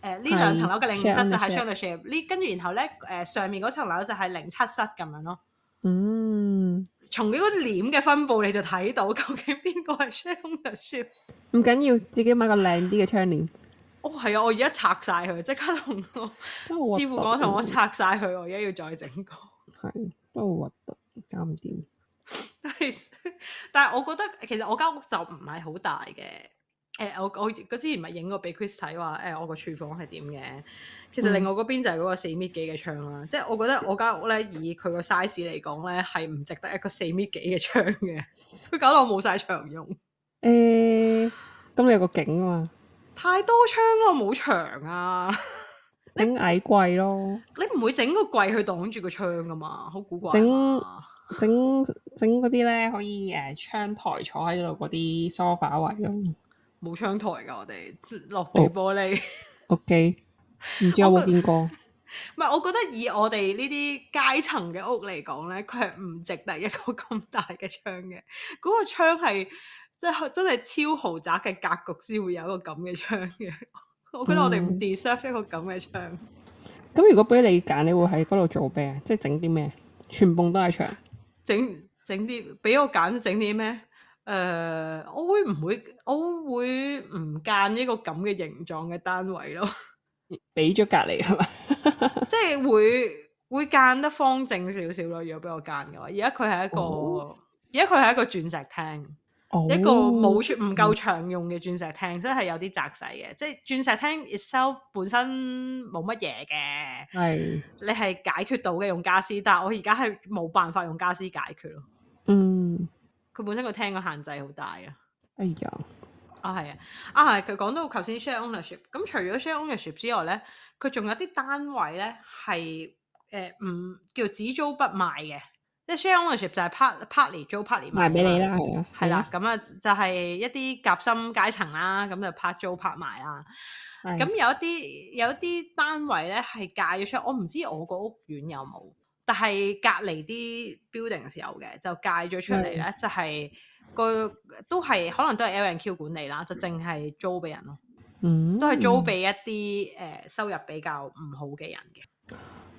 呢兩層樓嘅零五室就係 shared ownership 呢，跟住然後咧誒、呃、上面嗰層樓就係零七室咁樣咯。嗯，從呢個簾嘅分佈你就睇到究竟邊個係 shared ownership。唔緊要，自己買個靚啲嘅窗簾。哦，係啊！我而家拆晒佢，即刻同我師傅講，同我拆晒佢，我而家要再整個。係都好核突，搞唔掂 。但係，但係我覺得其實我間屋就唔係好大嘅。誒、欸，我我，我之前咪影過俾 Chris 睇話，誒、欸、我個廚房係點嘅？其實另外嗰邊就係嗰個四米幾嘅窗啦。嗯、即係我覺得我間屋咧，以佢個 size 嚟講咧，係唔值得一個四米幾嘅窗嘅。佢搞到我冇晒牆用。誒、欸，咁你有，有個景啊嘛？太多窗、啊、 不咯，冇牆啊，整矮櫃咯，你唔會整個櫃去擋住個窗噶嘛？好古怪，整整整嗰啲咧可以誒、呃、窗台坐喺度嗰啲 sofa 位咯，冇窗台噶我哋落地玻璃、oh.，ok，唔 知有冇見過？唔係， 我覺得以我哋呢啲階層嘅屋嚟講咧，佢係唔值得一個咁大嘅窗嘅，嗰、嗰個窗係。真係真係超豪宅嘅格局先會有一個咁嘅窗嘅， 我覺得我哋唔 deserve 一個咁嘅窗。咁、嗯、如果俾你揀，你會喺嗰度做咩？即係整啲咩？全部都係牆，整整啲。俾我揀，整啲咩？誒，我會唔會我會唔間呢個咁嘅形狀嘅單位咯？俾咗隔籬係嘛， 即係會會間得方正少少咯。如果俾我間嘅話，而家佢係一個而家佢係一個鑽石廳。一個冇唔夠長用嘅鑽石廳，真、嗯、所以係有啲窄細嘅。即係鑽石廳 itself 本身冇乜嘢嘅，係是你係解決到嘅用傢俬。但係我而家係冇辦法用傢俬解決咯。嗯，佢本身個廳個限制好大、哎、呀啊。係啊，啊係啊，啊係佢講到頭先 share ownership，咁除咗 share ownership 之外咧，佢仲有啲單位咧係誒唔叫只租不賣嘅。即係 shared ownership part, partly, Joe, partly, 就係 part party 租 partly 賣俾你啦，係啊，係啦，咁啊就係一啲夾心階層啦，咁就拍租拍賣啊，咁有一啲有一啲單位咧係戒咗出，我唔知我個屋苑有冇，但係隔籬啲 building 係有嘅，就戒咗出嚟咧，的就係個都係可能都係 L&Q 管理啦，就淨係租俾人咯，嗯、都係租俾一啲誒、呃、收入比較唔好嘅人嘅。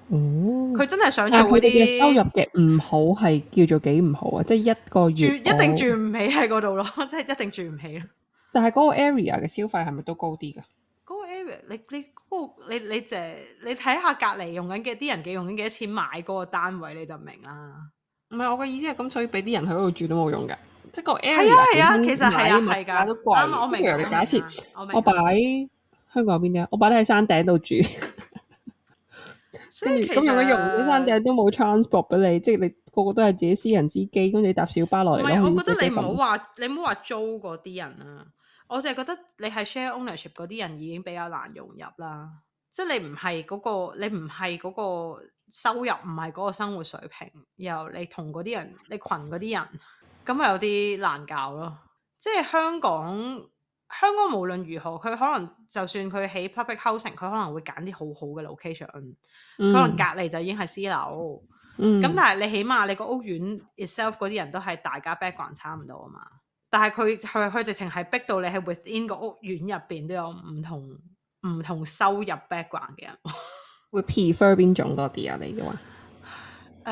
哦，佢真係想做啲收入嘅唔好係叫做幾唔好啊！即係住一個月住一定住唔起喺嗰度咯，即 係一定住唔起。但係嗰個 area 嘅消費係咪都高啲㗎？嗰個 area 你你嗰、嗰個你你誒你睇下隔離用緊嘅啲人幾用緊幾多錢買嗰個單位，你就明啦。唔係，我嘅意思係咁，所以俾啲人喺嗰度住都冇用㗎。即、就、係、是、個 area 係啊係啊，啊啊其實係啊係㗎。咁、啊啊啊、我明你解釋。我明。我擺香港邊啲啊？我擺喺山頂度住。 跟住咁有乜融到山頂都冇 transport 俾你，即係你個個都係自己私人司機，跟住搭小巴落嚟。唔係，我覺得你唔好話你唔好話租嗰啲人啊，我就係覺得你係 share ownership 嗰啲人已經比較難融入啦。即係你唔係嗰個，你唔係嗰個收入唔係嗰個生活水平，然後你同嗰啲人你群嗰啲人，咁咪有啲難搞咯。即係香港。香港無論如何，佢可能就算佢起 public housing，佢可能會揀啲好好嘅 location，可能隔離就已經係私樓。咁、嗯、但係你起碼你個屋苑 itself 嗰啲人都係大家 background 差唔多啊嘛。但係佢佢佢直情係逼到你係 within 個屋苑入邊都有唔同唔同收入 background 嘅人。 會 prefer 邊種多啲啊？你嘅話，誒。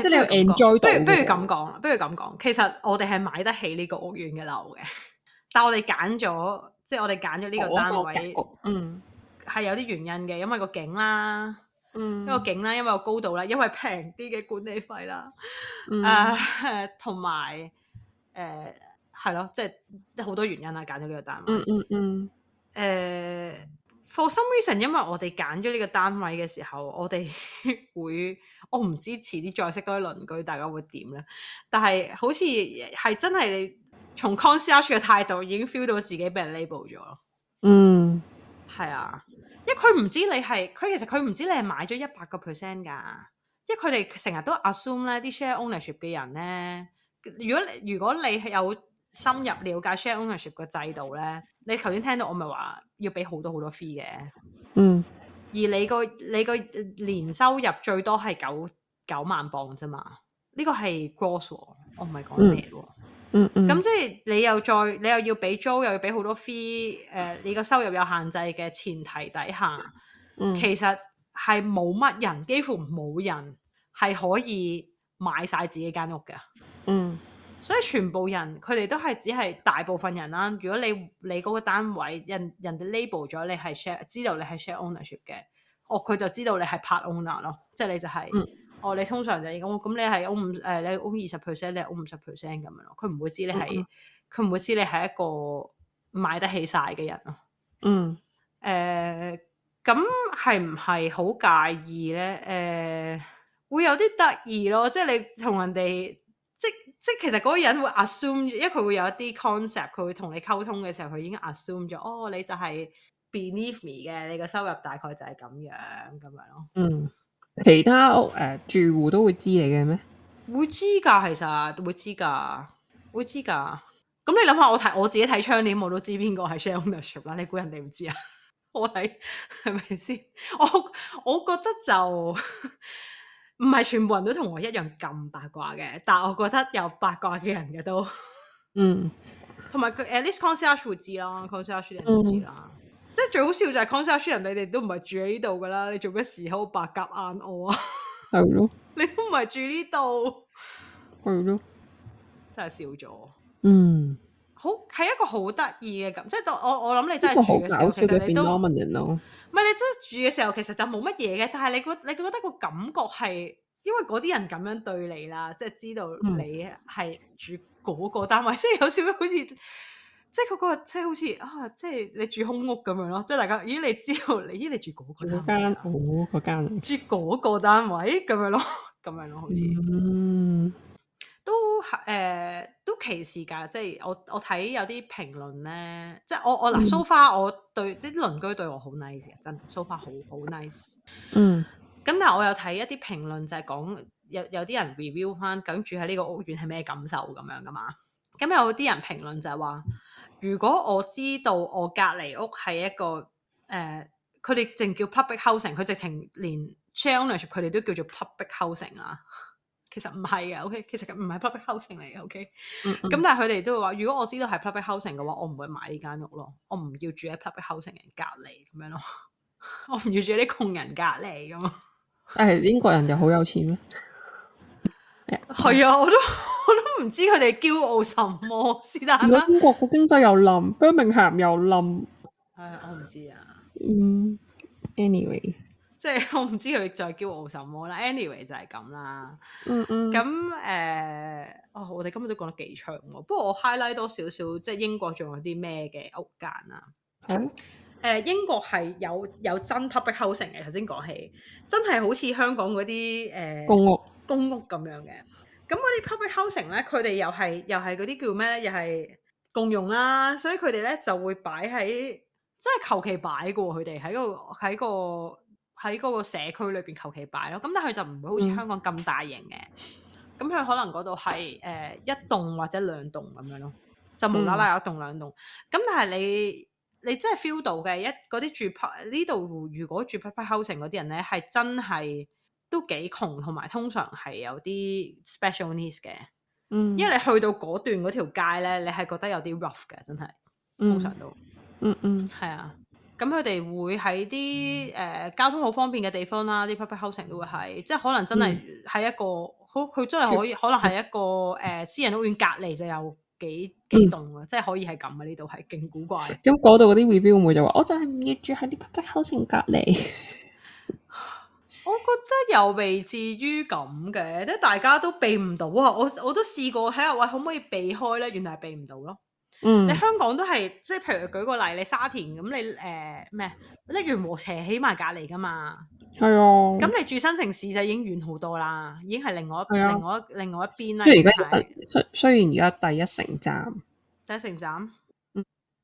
即係你話按在不如不如咁講，不如咁講。其實我哋係買得起呢個屋苑嘅樓嘅，但係我哋揀咗，即係我哋揀咗呢個單位。嗯，係，嗯，有啲原因嘅，因為個景啦，嗯，因為個景啦，因為個高度啦，因為平啲嘅管理費啦，嗯，啊，同埋誒係咯，即係好多原因啦，揀咗呢個單位。嗯嗯嗯，嗯嗯呃 For some reason，因為我哋揀咗呢個單位嘅時候，我哋會我唔知遲啲再識多啲鄰居，大家會點咧？但係好似係真係你從 concierge 嘅態度已經 feel 到自己俾人 label 咗咯。嗯，係啊，因為佢唔知你係佢其實佢唔知你係買咗一百個 percent 㗎。因為佢哋成日都 assume 咧啲 share ownership 嘅人咧，如果如果你係有。深入了解 Shared ownership 嘅制度咧，你頭先聽到我咪話要俾好多好多 fee 嘅，嗯，而你個你個年收入最多係九九萬鎊啫嘛，呢、這個係 gross 我唔係講 net 喎，嗯嗯，咁即係你又再你又要俾租又要俾好多 fee，誒、呃，你個收入有限制嘅前提底下，嗯、其實係冇乜人，幾乎冇人係可以買晒自己間屋嘅，嗯。所以全部人佢哋都係只係大部分人啦、啊。如果你你嗰個單位人人哋 label 咗你係 share，知道你係 share ownership 嘅，哦佢就知道你係 part owner 咯，即係你就係、是，嗯、哦你通常就咁、是、咁、哦、你係我五，誒你我二十 percent，你我五十 percent 咁樣咯。佢唔會知你係佢唔會知你係一個買得起晒嘅人咯。嗯誒，咁係唔係好介意咧？誒、uh, 會有啲得意咯，即係你同人哋。即即其實嗰個人會 assume，因為佢會有一啲 concept，佢會同你溝通嘅時候，佢已經 assume 咗。哦，你就係 beneath me 嘅，你嘅收入大概就係咁樣咁樣咯。嗯，其他屋、uh, 住戶都會知你嘅咩？會知㗎，其實會知㗎，會知㗎。咁你諗下，我睇我自己睇窗簾，我都知邊個係 share ownership 啦。你估人哋唔知啊？我睇係咪先？我我覺得就。唔係全部人都同我一樣咁八卦嘅，但我覺得有八卦嘅人嘅都，嗯 、mm.，同埋佢 at least concierge 會知咯，concierge 人唔知啦。即係最好笑就係 concierge 人，你哋都唔係住喺呢度噶啦，你做咩時候白鴿眼我啊？係 咯的，你都唔係住呢度，係咯的，真係笑咗。嗯、mm.，好係一個好得意嘅噉，即、就、係、是、我我諗你真係住嘅時候嘅 phenomenon 咯。 唔係你真係住嘅時候，其實就冇乜嘢嘅。但係你覺你覺得，你覺得個感覺係，因為嗰啲人咁樣對你啦，即係知道你係住嗰個單位，嗯、即係有少少好似，即係嗰、嗰個即係好似啊，即係你住空屋咁樣咯。即係大家咦？你知道你咦？你住嗰間？嗰間住嗰個單位咁樣咯，咁樣咯，咁樣咯，好似。嗯誒、呃、都歧視㗎，即係我我睇有啲評論咧，即係我我嗱，so far，嗯、我對啲鄰居對我好 nice 嘅，真 so far 好好 nice。嗯，咁但係我有睇一啲評論就係講有有啲人 review 返究竟住喺呢個屋苑係咩感受咁樣噶嘛？咁有啲人評論就係話，如果我知道我隔離屋係一個誒，佢哋淨叫 public housing，佢直情連 challenge 佢哋都叫做 public housing 啦。其實唔係嘅 OK 其實唔係 public housing 嚟嘅，OK 嗯嗯。咁但係佢哋都會話，如果我知道係 public housing 嘅話，我唔會買呢間屋咯。我唔要住喺 public housing 人隔離咁樣咯。我唔要住喺啲窮人隔離咁。但係英國人就好有錢咩？係 啊，我都我都唔知佢哋驕傲什麼，是但啦。英國個經濟又冧，伯 明翰又冧。誒，我唔知啊。嗯、um,，anyway。即係我唔知佢再驕傲什麼啦。anyway 就係咁啦。嗯嗯。咁誒、呃，哦，我哋今日都講得幾長喎。不過我 highlight 多少少，即係英國仲有啲咩嘅屋間啊？嚇、嗯呃？英國係有有真 public housing 嘅。頭先講起，真係好似香港嗰啲誒公屋公屋咁樣嘅。咁嗰啲 public housing 咧，佢哋又係又係嗰啲叫咩咧？又係共用啦。所以佢哋咧就會擺喺即係求其擺過佢哋喺個喺個。喺嗰個社區裏邊求其擺咯，咁但佢就唔會好似香港咁大型嘅，咁佢、嗯、可能嗰度係誒一棟或者兩棟咁樣咯，就無啦啦有一棟兩棟，咁、嗯、但係你你真係 feel 到嘅一嗰啲住呢度，如果住 private housing 嗰啲人咧，係真係都幾窮，同埋通常係有啲 special needs 嘅，嗯，因為你去到嗰段嗰條街咧，你係覺得有啲 rough 嘅，真係通常都，嗯嗯，係、嗯嗯嗯嗯嗯、啊。咁佢哋會喺啲誒交通好方便嘅地方啦，啲 public housing 都會係，即係可能真係喺一個好，佢、嗯、真係可以，對可能係一個誒私人屋苑隔離就有幾棟、嗯、啊！即係可以係咁啊！呢度係勁古怪。咁嗰度嗰啲 review 會唔會就話我真係唔要住喺啲 public housing 隔離？ 我覺得又未至於咁嘅，即係大家都避唔到啊！我我都試過喺度喂，可唔可以避開咧？原來係避唔到咯。嗯，你香港都係，即係譬如舉個例，你沙田咁你誒咩，啲、呃、源禾輋起埋隔籬噶嘛，係啊、嗯，咁你住新城市就已經遠好多啦，已經係另外一另外一另外一邊啦，即係而家雖然而家第一城站，嗯、第一城站，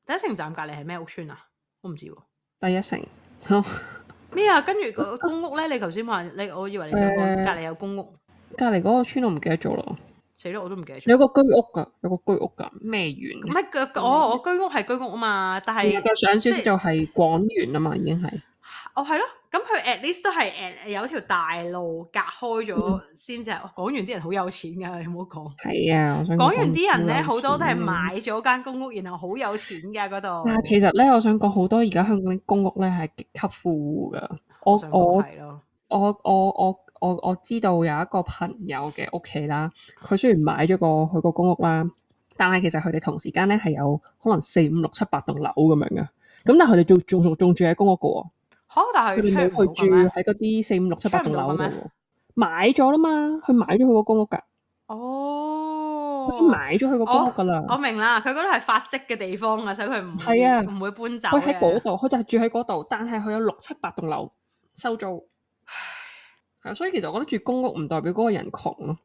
第一城站隔籬係咩屋村啊？我唔知喎、啊，第一城，好 咩啊？跟住個公屋咧，你頭先話你，我以為你想講隔籬有公屋，隔籬嗰個村我唔記得咗咯。死咯！我都唔記得咗。有個居屋㗎，有個居屋㗎，咩園，嗯？唔係我我居屋係居屋啊嘛，但係上少少就係廣園啊嘛，已經係。哦，係咯，咁佢 at least 都係誒、呃、有條大路隔開咗先至，廣園啲人好有錢㗎，你唔好講。係啊，我想講廣園啲人咧，好多都係買咗間公屋，然後好有錢㗎嗰度。嗱，其實咧，我想講好多而家香港啲公屋咧係極級富戶㗎我。我我我我我。我我我我我我我我知道有一個朋友嘅屋企啦，佢雖然買咗個佢個公屋啦，但係其實佢哋同時間咧係有可能四五六七八棟樓咁樣嘅，咁但係佢哋仲仲仲住喺公屋個喎嚇，但係佢冇去住喺嗰啲四五六七八棟樓度，買咗啦嘛，佢買咗佢個公屋噶，哦，oh, 已經買咗佢個公屋噶啦，oh, 我明啦，佢嗰度係發跡嘅地方啊，所以佢唔係啊，唔會搬走。佢喺嗰度，佢就係住喺嗰度，但係佢有六七八棟樓收租。所以其實我覺得住公屋唔代表嗰個人窮咯。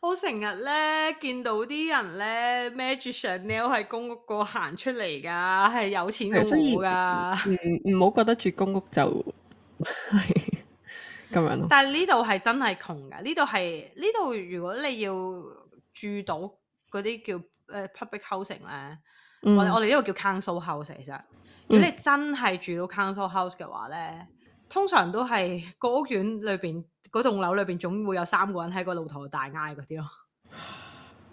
我成日咧見到啲人咧孭住 Chanel 喺公屋嗰度行出嚟㗎，係有錢到㗎。唔好 覺得住公屋就係咁 樣咯吧。但係呢度係真係窮㗎。呢度係呢度，如果你要住到嗰啲叫誒、uh, public housing 咧、嗯，我哋呢度叫 council house 其實。如果你真係住到 council house 嘅話咧。嗯通常都係、那個屋苑裏邊嗰棟、那個、樓裏邊總會有三個人喺個露台大嗌嗰啲咯，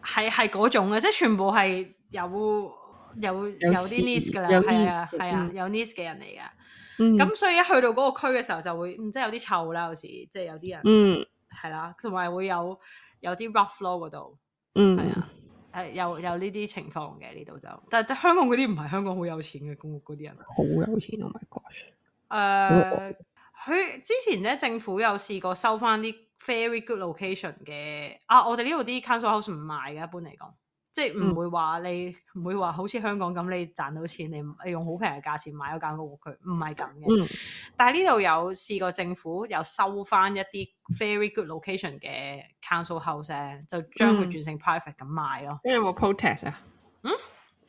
係係嗰種嘅，即係全部係有有有啲 needs 啦，係啊係啊，有 needs 嘅人嚟噶。咁、嗯、所以一去到嗰個區嘅時候就會唔知、嗯就是、有啲臭啦，有時即係、就是、有啲人，係啦、嗯，同埋、啊、會有有啲 rough 咯嗰度，係、嗯、啊係有有呢啲情況嘅呢度就。但係香港嗰啲唔係香港好有錢嘅公屋嗰啲人。好有錢，oh my、gosh. 誒，佢、呃、之前咧政府有試過收翻啲 very good location 嘅啊，我哋呢度啲 council house 唔賣嘅，一般嚟講，即係唔會話你唔、嗯、會話好似香港咁，你賺到錢你用好平嘅價錢買一間屋佢，唔係咁嘅。嗯、但係呢度有試過政府又收翻一啲 very good location 嘅 council house，就將佢轉成 private 咁賣咯。跟、嗯、有冇 protest 啊？嗯。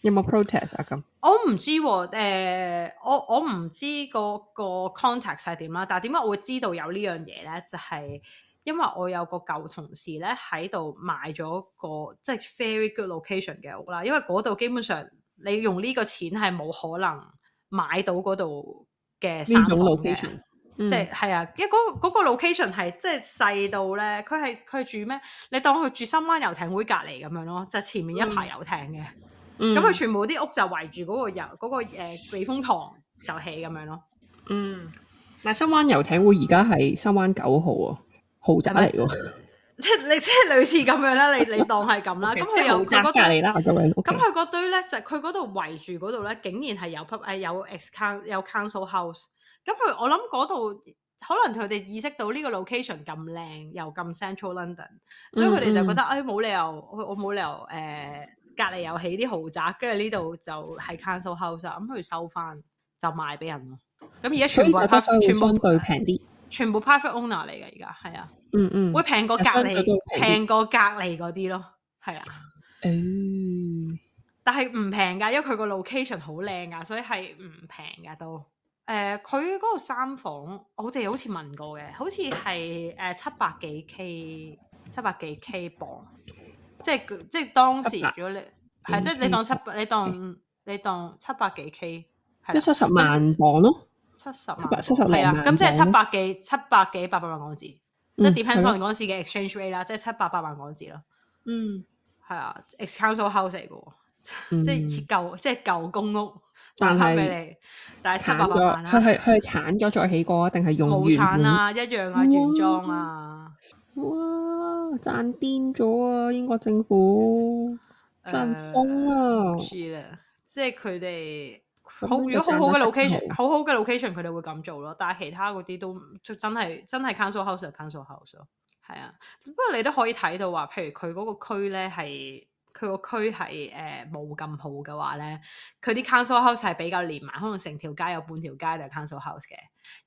有冇 protest 啊？咁我唔知，誒，我我唔知個 contact 係點啦。但係點解我會知道有呢樣嘢咧？就係、是、因為我有個舊同事咧喺度買咗個即係 very good location 嘅屋啦。因為嗰度基本上你用呢個錢係冇可能買到嗰度嘅三種 location，、嗯、即係係啊，因為嗰、那、嗰、個那個 location 係即係細到咧，佢係佢住咩？你當佢住深灣遊艇會隔籬咁樣咯，就前面一排遊艇嘅、嗯。咁佢、嗯、全部啲屋就圍住嗰個遊嗰、嗰個避風塘就起咁樣咯。嗯，嗱深灣遊艇會而家係深灣九號喎，豪宅嚟喎 即係你即係類似咁樣啦，你你當係咁啦。咁佢又豪宅嚟啦，咁佢嗰堆咧就佢嗰度圍住嗰度咧，竟然係有 pub 有 ex-council 有 council house。咁佢我諗嗰度可能佢哋意識到呢個 location 咁靚又咁 central London，所以佢哋就覺得誒冇理由我冇理由誒。嗯嗯嗯嗯嗯隔離又起啲豪宅，跟住呢度就係 council house，咁、嗯、佢收翻就賣俾人咯。咁而家全部 private，全部對平啲，全部 private owner 嚟嘅而家，係啊，嗯嗯，嗯會平過隔離，平過隔離嗰啲咯，係啊。誒、嗯，但係唔平噶，因為佢個 location 好靚噶，所以係唔平噶都。誒、呃，佢嗰度三房，我哋好似問過嘅，好似係誒七百幾 k，七百幾 k 磅。即係即係當時如果你係即係你當七百你當你當七百幾 K，即係七十萬磅咯，七十七十零萬啊，咁即係七百幾七百幾八百萬港紙，即係 depends on 嗰陣時嘅 exchange rate 啦，即係七百八萬港紙咯。嗯，係啊，Ex-council house 嚟嘅，即係舊即係舊公屋，但係但係七百八萬啊，佢係佢係鏟咗再起過啊，定係用？冇鏟啊，一樣啊，原裝啊。哇！賺癲咗啊！英國政府賺瘋啊！唔知啦，即係佢哋好如果好好嘅 location，好好嘅 location，佢哋會咁做咯。但係其他嗰啲都真係真係 council house 就 council house 咯。係啊，不過你都可以睇到話，譬如佢嗰個區咧係佢個區係誒冇咁好嘅話咧，佢啲 council house 係比較連埋，可能成條街有半條街就係 council house 嘅。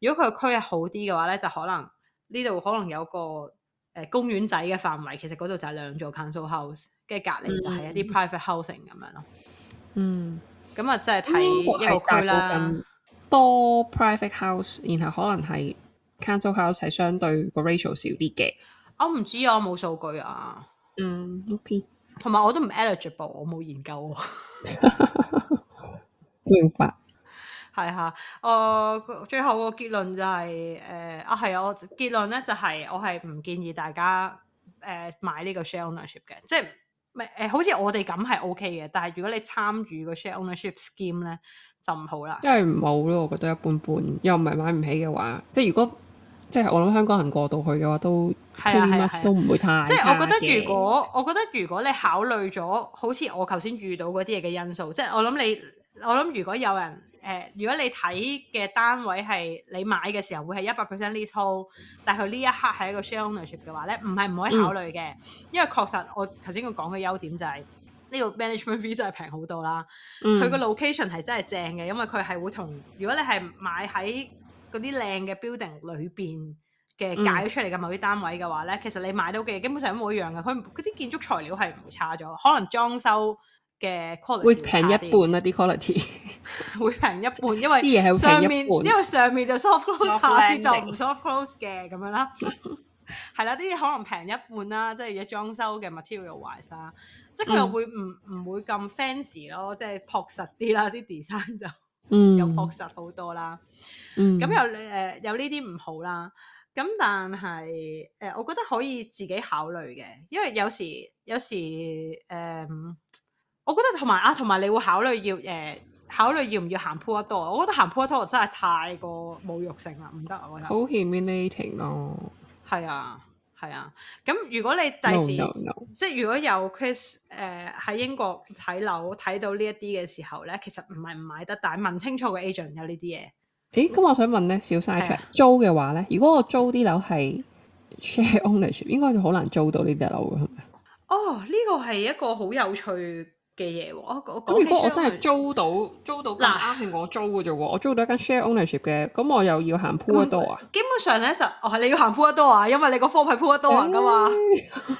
如果佢個區係好啲嘅話咧，就可能呢度可能有個。誒公園仔嘅範圍，其實嗰度就係兩座 council house，跟住隔離就係一啲 private housing 咁樣咯。嗯，咁啊，即係睇因為大部分區啦，多 private house，然後可能係 council house 係相對個 ratio 少啲嘅。我唔知啊，我冇數據啊。嗯，OK。同埋我都唔 eligible，我冇研究。明白。係哈，我、哦、最後個結論就係、是、誒、呃，啊係我結論咧，就係、是、我係唔建議大家誒、呃、買呢個 share ownership 嘅，即係誒、呃、好似我哋咁係 OK 嘅，但係如果你參與個 share ownership scheme 咧，就唔好啦。即係唔好咯，我覺得一般般，又唔係買唔起嘅話，即係如果即係我諗香港人過到去嘅話，都係呀係呀係都唔會太。即係我覺得如果我覺得如果你考慮咗好似我頭先遇到嗰啲嘢嘅因素，即係我諗你，我諗如果有人。誒，如果你睇嘅單位係你買嘅時候會係一百 percent leasehold，但係佢呢一刻係一個 shared ownership 嘅話咧，唔係唔可以考慮嘅，嗯、因為確實我頭先佢講嘅優點就係、是、呢、這個 management fee 真係平好多啦。佢個、嗯、location 係真係正嘅，因為佢係會同，如果你係買喺嗰啲靚嘅 building 裏邊嘅解出嚟嘅某啲單位嘅話咧，嗯、其實你買到嘅基本上都一樣嘅，佢啲建築材料係唔差咗，可能裝修，嘅的 quality 會平一半啦、啊，啲 quality 會平一半，因為上面 因為上面就 soft close，下邊就唔 soft close 嘅咁樣啦，係啦， 啲可能平一半啦，就是、裝即係啲裝修嘅 material wise 啦，即係佢又會唔唔會咁 fancy 咯，即係樸實啲啦，啲 design 就嗯又樸實好多啦，咁又誒有呢啲唔好啦，咁但係誒、呃，我覺得可以自己考慮嘅，因為有時有時誒。呃我覺得同埋啊，同埋你會考慮要誒、呃、考慮要唔要行 poor door。啊？我覺得行 poor door 真係太過侮辱性啦，唔得，我覺得。好 humiliating 咯，係啊係啊。咁、啊嗯嗯嗯嗯、如果你第時、嗯嗯嗯嗯、即係如果有 Chris 誒、呃、喺英國睇樓睇到呢一啲嘅時候咧，其實唔係唔買得，但係問清楚個 agent 有呢啲嘢。誒咁、欸、我想問咧，小 size、啊、租嘅話咧，如果我租啲樓係 share ownership 應該就好難租到呢啲樓嘅係咪？哦，呢個係一個好有趣嘅嘢、啊、我我講如果我真係租到租到嗱啱係我租嘅啫喎，喏我租到一間 share ownership 嘅，咁我又要行鋪得多啊、嗯？基本上咧就哦，係你要行鋪得多啊，因為你個科費鋪得多啊噶嘛。咁啊、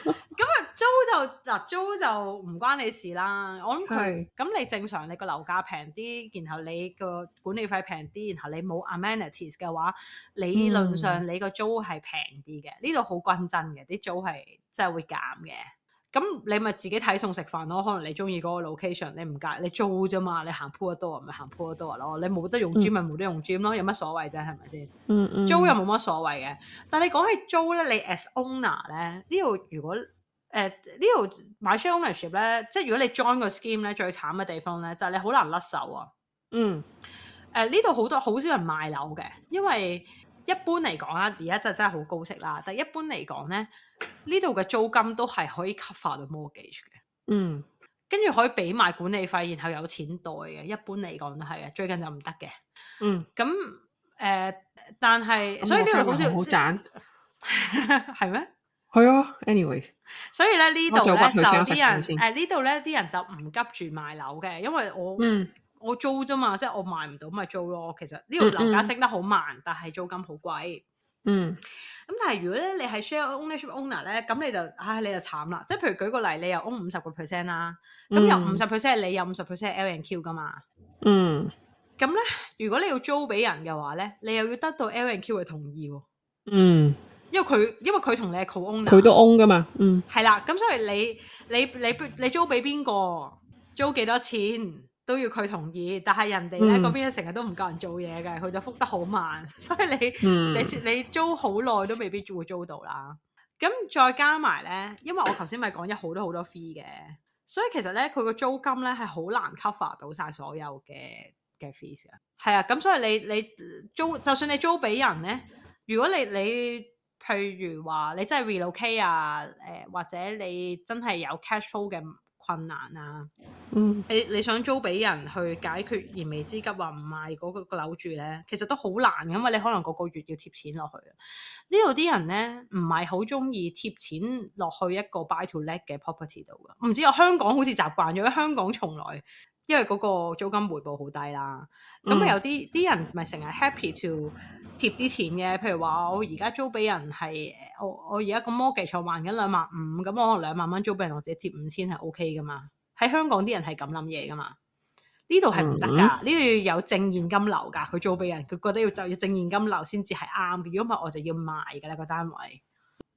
哎 嗯、租就嗱租就唔關你事啦。我諗佢咁你正常你個樓價平啲，然後你個管理費平啲，然後你冇 amenities 嘅話，嗯、理論上你個租係平啲嘅。呢度好均真嘅，啲租係真係會減嘅。咁你咪自己睇餸食飯咯，可能你中意嗰個 location，你唔介意，你租啫嘛，你行鋪得多咪行鋪得多咯，你冇得用 gym 咪冇得用 gym 咯，有乜所謂啫、啊？係咪先？嗯嗯，租又冇乜所謂嘅。但你講起租咧，你 as owner 咧，呢度如果誒呢度買 share ownership 咧，即係如果你 join 個 scheme 咧，最慘嘅地方咧就係、是、你好難甩手啊。嗯。誒呢度好多好少人賣樓嘅，因為一般嚟講啦，而家就真係好高息啦。但係一般嚟講咧。呢度嘅租金都係可以 cover 到 mortgage 嘅，嗯，跟住可以俾埋管理費，然後有錢袋嘅，一般嚟講都係啊，最近就唔得嘅，嗯，咁誒，但係所以呢度好似好賺，係咩？係啊，anyways，所以咧呢度咧就啲人誒呢度咧啲人就唔急住賣樓嘅，因為我嗯我租啫嘛，即係我賣唔到咪租咯，其實呢度樓價升得好慢，但係租金好貴。嗯，咁但係如果咧你係 share ownership owner 咧，咁你就唉你就慘啦，即係譬如舉個例，你又 own 五十個 percent 啦，咁、嗯、有五十 percent 你有五十 percent 係 L and Q 噶嘛，嗯，咁咧如果你要租俾人嘅話咧，你又要得到 L and Q 嘅同意，嗯因，因為佢因為佢同你係 co owner，佢都 own 噶嘛，嗯，係啦，咁所以你你你你，你租俾邊個，租幾多錢？都要佢同意，但係人哋咧嗰邊咧成日都唔夠人做嘢嘅，佢就覆得好慢，所以你、嗯、你你租好耐都未必會租到啦。咁再加埋咧，因為我頭先咪講咗好多好多 fee 嘅，所以其實咧佢個租金咧係好難 cover 到晒所有嘅嘅 fees 嘅。係啊，咁所以你你租就算你租俾人咧，如果你你譬如話你真係 relocate 啊，誒、呃、或者你真係有 cash flow 嘅困難啊！嗯、你你想租俾人去解決燃眉之急，話唔賣嗰個個樓住咧，其實都好難嘅嘛，因為你可能個個月要貼錢落去，呢度啲人咧唔係好中意貼錢落去一個 buy to let 嘅 property 度嘅。唔知有香港好似習慣咗，香港從來。因為嗰個租金回報好低啦，咁啊、嗯、有啲啲人咪成日 happy to 貼啲錢嘅，譬如話我而家租俾人係，我我而家個 mortgage 仲還緊兩萬五，咁我可能兩萬蚊租俾人或者貼五千係 OK 噶嘛？喺香港啲人係咁諗嘢噶嘛？呢度係唔得噶，呢度、嗯、要有正現金流噶，佢租俾人佢覺得要就要正現金流先至係啱嘅，如果唔係我就要賣噶啦個單位。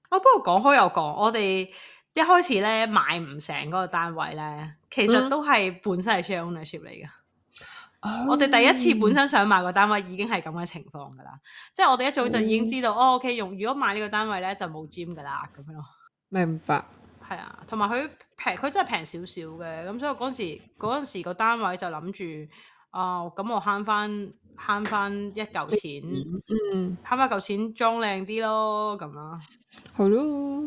啊，不過講開又講，我哋。一開始咧買唔成嗰個單位咧，其實都係本身係 share ownership 嚟嘅。Uh、我哋第一次本身想買個單位，已經係咁嘅情況噶啦。即係我哋一早就已經知道，uh、哦，OK，用如果買呢個單位咧就冇 gym 噶啦，咁樣。明白。係啊，同埋佢平，佢真係平少少嘅。咁所以嗰時嗰陣時個單位就諗住，哦，咁我慳翻慳翻一嚿錢，嗯即便，慳翻嚿錢裝靚啲咯，咁啊，好咯。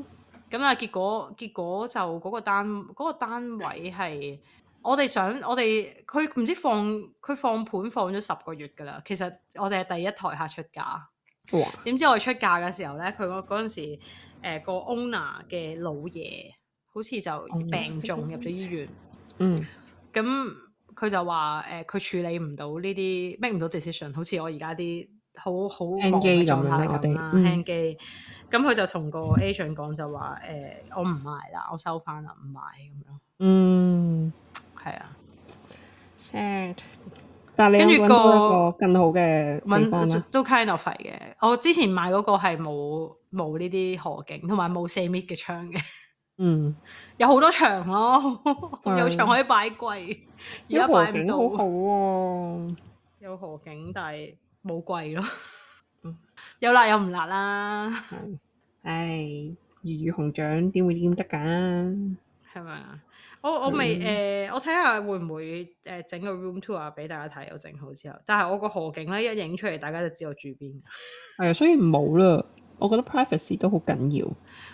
咁啊、嗯，結果結果就嗰個單嗰、嗰個、位係我哋想我哋佢唔知放佢放盤放咗十個月㗎啦。其實我哋係第一台客出價，點嘩知我哋出價嘅時候咧，佢嗰嗰陣時、呃、個 owner 嘅老爺好似就病重入咗醫院。 嗯，咁佢就話誒佢處理唔到呢啲 make 唔到 decision，好似我而家啲好好忙嘅狀態咁啦，聽機、嗯、機。咁佢就同個 agent 講就話誒、欸，我唔賣啦，我收翻啦，唔賣咁樣。嗯，係啊。sad。但係你有有跟住、呢個、個更好嘅揾都 kind of 廢嘅。我之前買嗰個係冇冇呢啲河景，同埋冇四米嘅窗嘅。 嗯，有好多牆咯，有牆可以擺櫃。而家擺唔到。有河景好好、啊、喎，有河景但係冇櫃咯。嗯， 有辣有唔辣啦。 唉、哎，魚與熊掌點會兼得噶？係咪啊？我我未誒、呃，我睇下會唔會誒、呃、整個 room tour 啊，俾大家睇我整好之後。但係我個河景咧一影出嚟，大家就知道我住邊。係啊，所以冇啦。我覺得 privacy 都好緊要。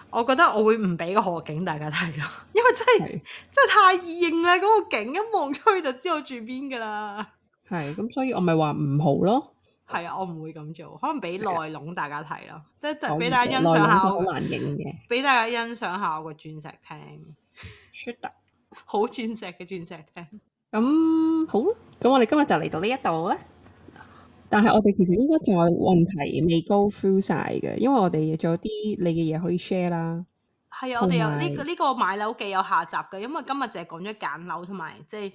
我覺得我會唔畀個河景大家睇咯，因為真係的真係太易認啦。嗰、那個景一望出去就知道我住邊噶啦。係咁，所以我咪話唔好咯。係啊，我唔會咁做，可能俾內籠大家睇咯，即係俾大家欣賞下，好難影嘅。俾大家欣賞下我個鑽石廳 s h 聽的， 好鑽石嘅鑽石廳。咁好，咁我哋今日就嚟到呢一度咧。但係我哋其實應該仲有問題未 go through 晒嘅，因為我哋仲有啲你嘅嘢，可以 share 啦。係啊的，有我哋有呢、這個呢、這個買樓記有下集嘅，因為今日就講咗揀樓同埋即係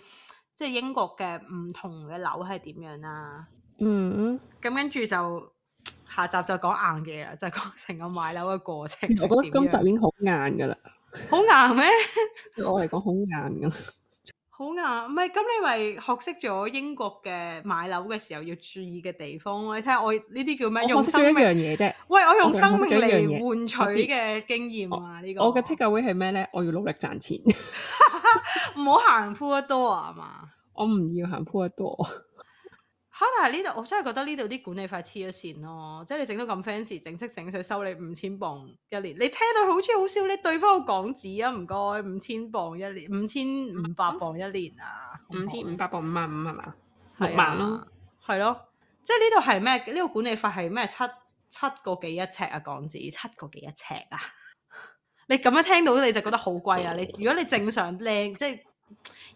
即係英國嘅唔同嘅樓係點樣啦、啊。嗯，咁跟住就下集就講硬嘢啦，就講成個買樓嘅過程。我覺得今集已經好硬噶啦，好硬咩？我嚟講好硬噶，好硬。唔係咁，你咪學識咗英國嘅買樓嘅時候要注意嘅地方。你睇下我呢啲叫咩？我學識咗一樣嘢啫。已喂，我用我生命嚟換取嘅經驗啊！我這個、呢個我嘅 takeaway 係咩咧？我要努力賺錢，唔好行鋪得多啊嘛。我唔要行鋪得多。 嚇！但係呢度我真係覺得呢度啲管理費黐咗線咯，即係你整到咁 fancy、整色整水，收你五千磅一年，你聽到好似好少咧。你對返個港紙啊，唔該，五千磅一年，五千五百磅一年啊，五千五百磅五萬五係嘛？六萬咯，係咯、啊，即係呢度係咩？呢個管理費係咩？七七個幾一尺啊？港紙七個幾一尺啊？ 你咁樣聽到你就覺得好貴啊！你如果你正常靚，即係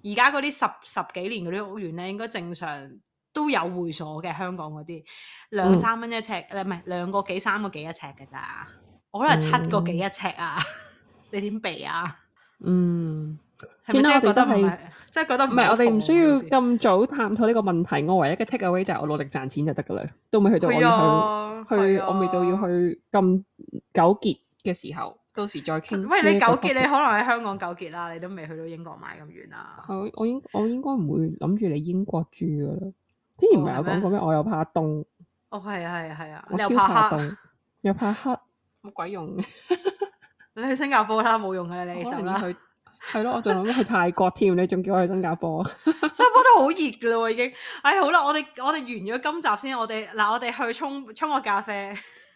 而家嗰啲十十幾年嗰啲屋苑咧，應該正常。都有會所嘅香港嗰啲，兩三蚊一尺，唔係兩個幾三個幾一尺嘅咋，我可能七個幾一尺啊， 你點避啊？嗯，變得不覺得係，即係覺得唔係，我哋唔需要咁早探討呢個問題。我唯一嘅 take away 就係我努力賺錢就得噶啦，都未去到我要去，我未到要去咁糾結嘅時候，到時再傾。喂，你糾結你可能喺香港糾結啦，你都未去到英國買咁遠啦。我我應我應該唔會諗住嚟英國住噶啦。之前唔係有講過咩？我又怕凍，哦，係啊，係啊，係啊，我又怕凍，又怕黑，冇鬼用。你去新加坡啦，冇用嘅你，就唔好去。係咯，我仲諗去泰國添，你仲叫我去新加坡，新加坡都好熱嘅啦，已經。唉，好啦，我哋我哋完咗今集先，我哋嗱我哋去沖沖個咖啡。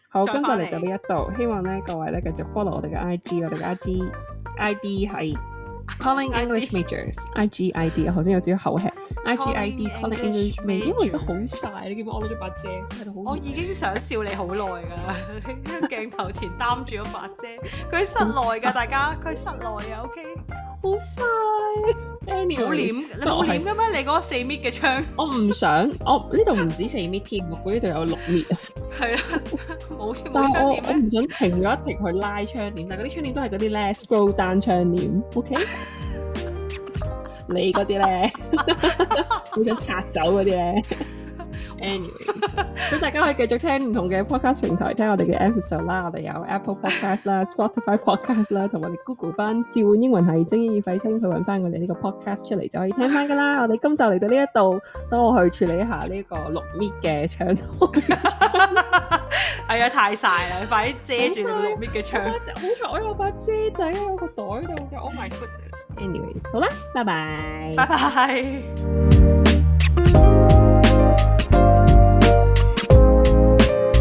好，今日嚟到呢一度，希望咧各位咧繼續 follow 我哋嘅 IG，我哋嘅 IG ID 係。Calling English majors, I G I D，頭先有自己口吃，I G I D calling English majors。因為而家好曬，你見唔見我攞咗把遮曬到好。我已經想笑你好耐㗎，喺鏡頭前擔住咗把遮，佢喺室內㗎，大家佢喺室內啊，OK。好 a i e 細，好簾，anyway，你冇簾嘅咩？ 你嗰個四米嘅窗，我唔想，我呢度唔止四米添， 我呢度有六米啊。係啦，冇窗簾，但係我我唔想停咗一停去拉窗簾，但係嗰啲窗簾都係嗰啲 scroll down 窗簾，OK？ 你嗰啲咧，好 想拆走嗰啲咧？Anyway，咁大家可以繼續聽唔同嘅 podcast 平台，聽我哋嘅 episode 啦。我哋有 Apple Podcast 啦、Spotify Podcast 啦，同埋你 Google 翻 Calling English Majors 要費心去揾翻我哋呢個 podcast 出嚟就可以聽翻噶啦。我哋今集嚟到呢一度，等我去處理一下呢個六米嘅窗。係啊，太晒啦，快啲遮住你六米嘅窗。好彩我有把遮仔，有個袋度。Oh my goodness，anyways，好啦，拜拜，拜拜。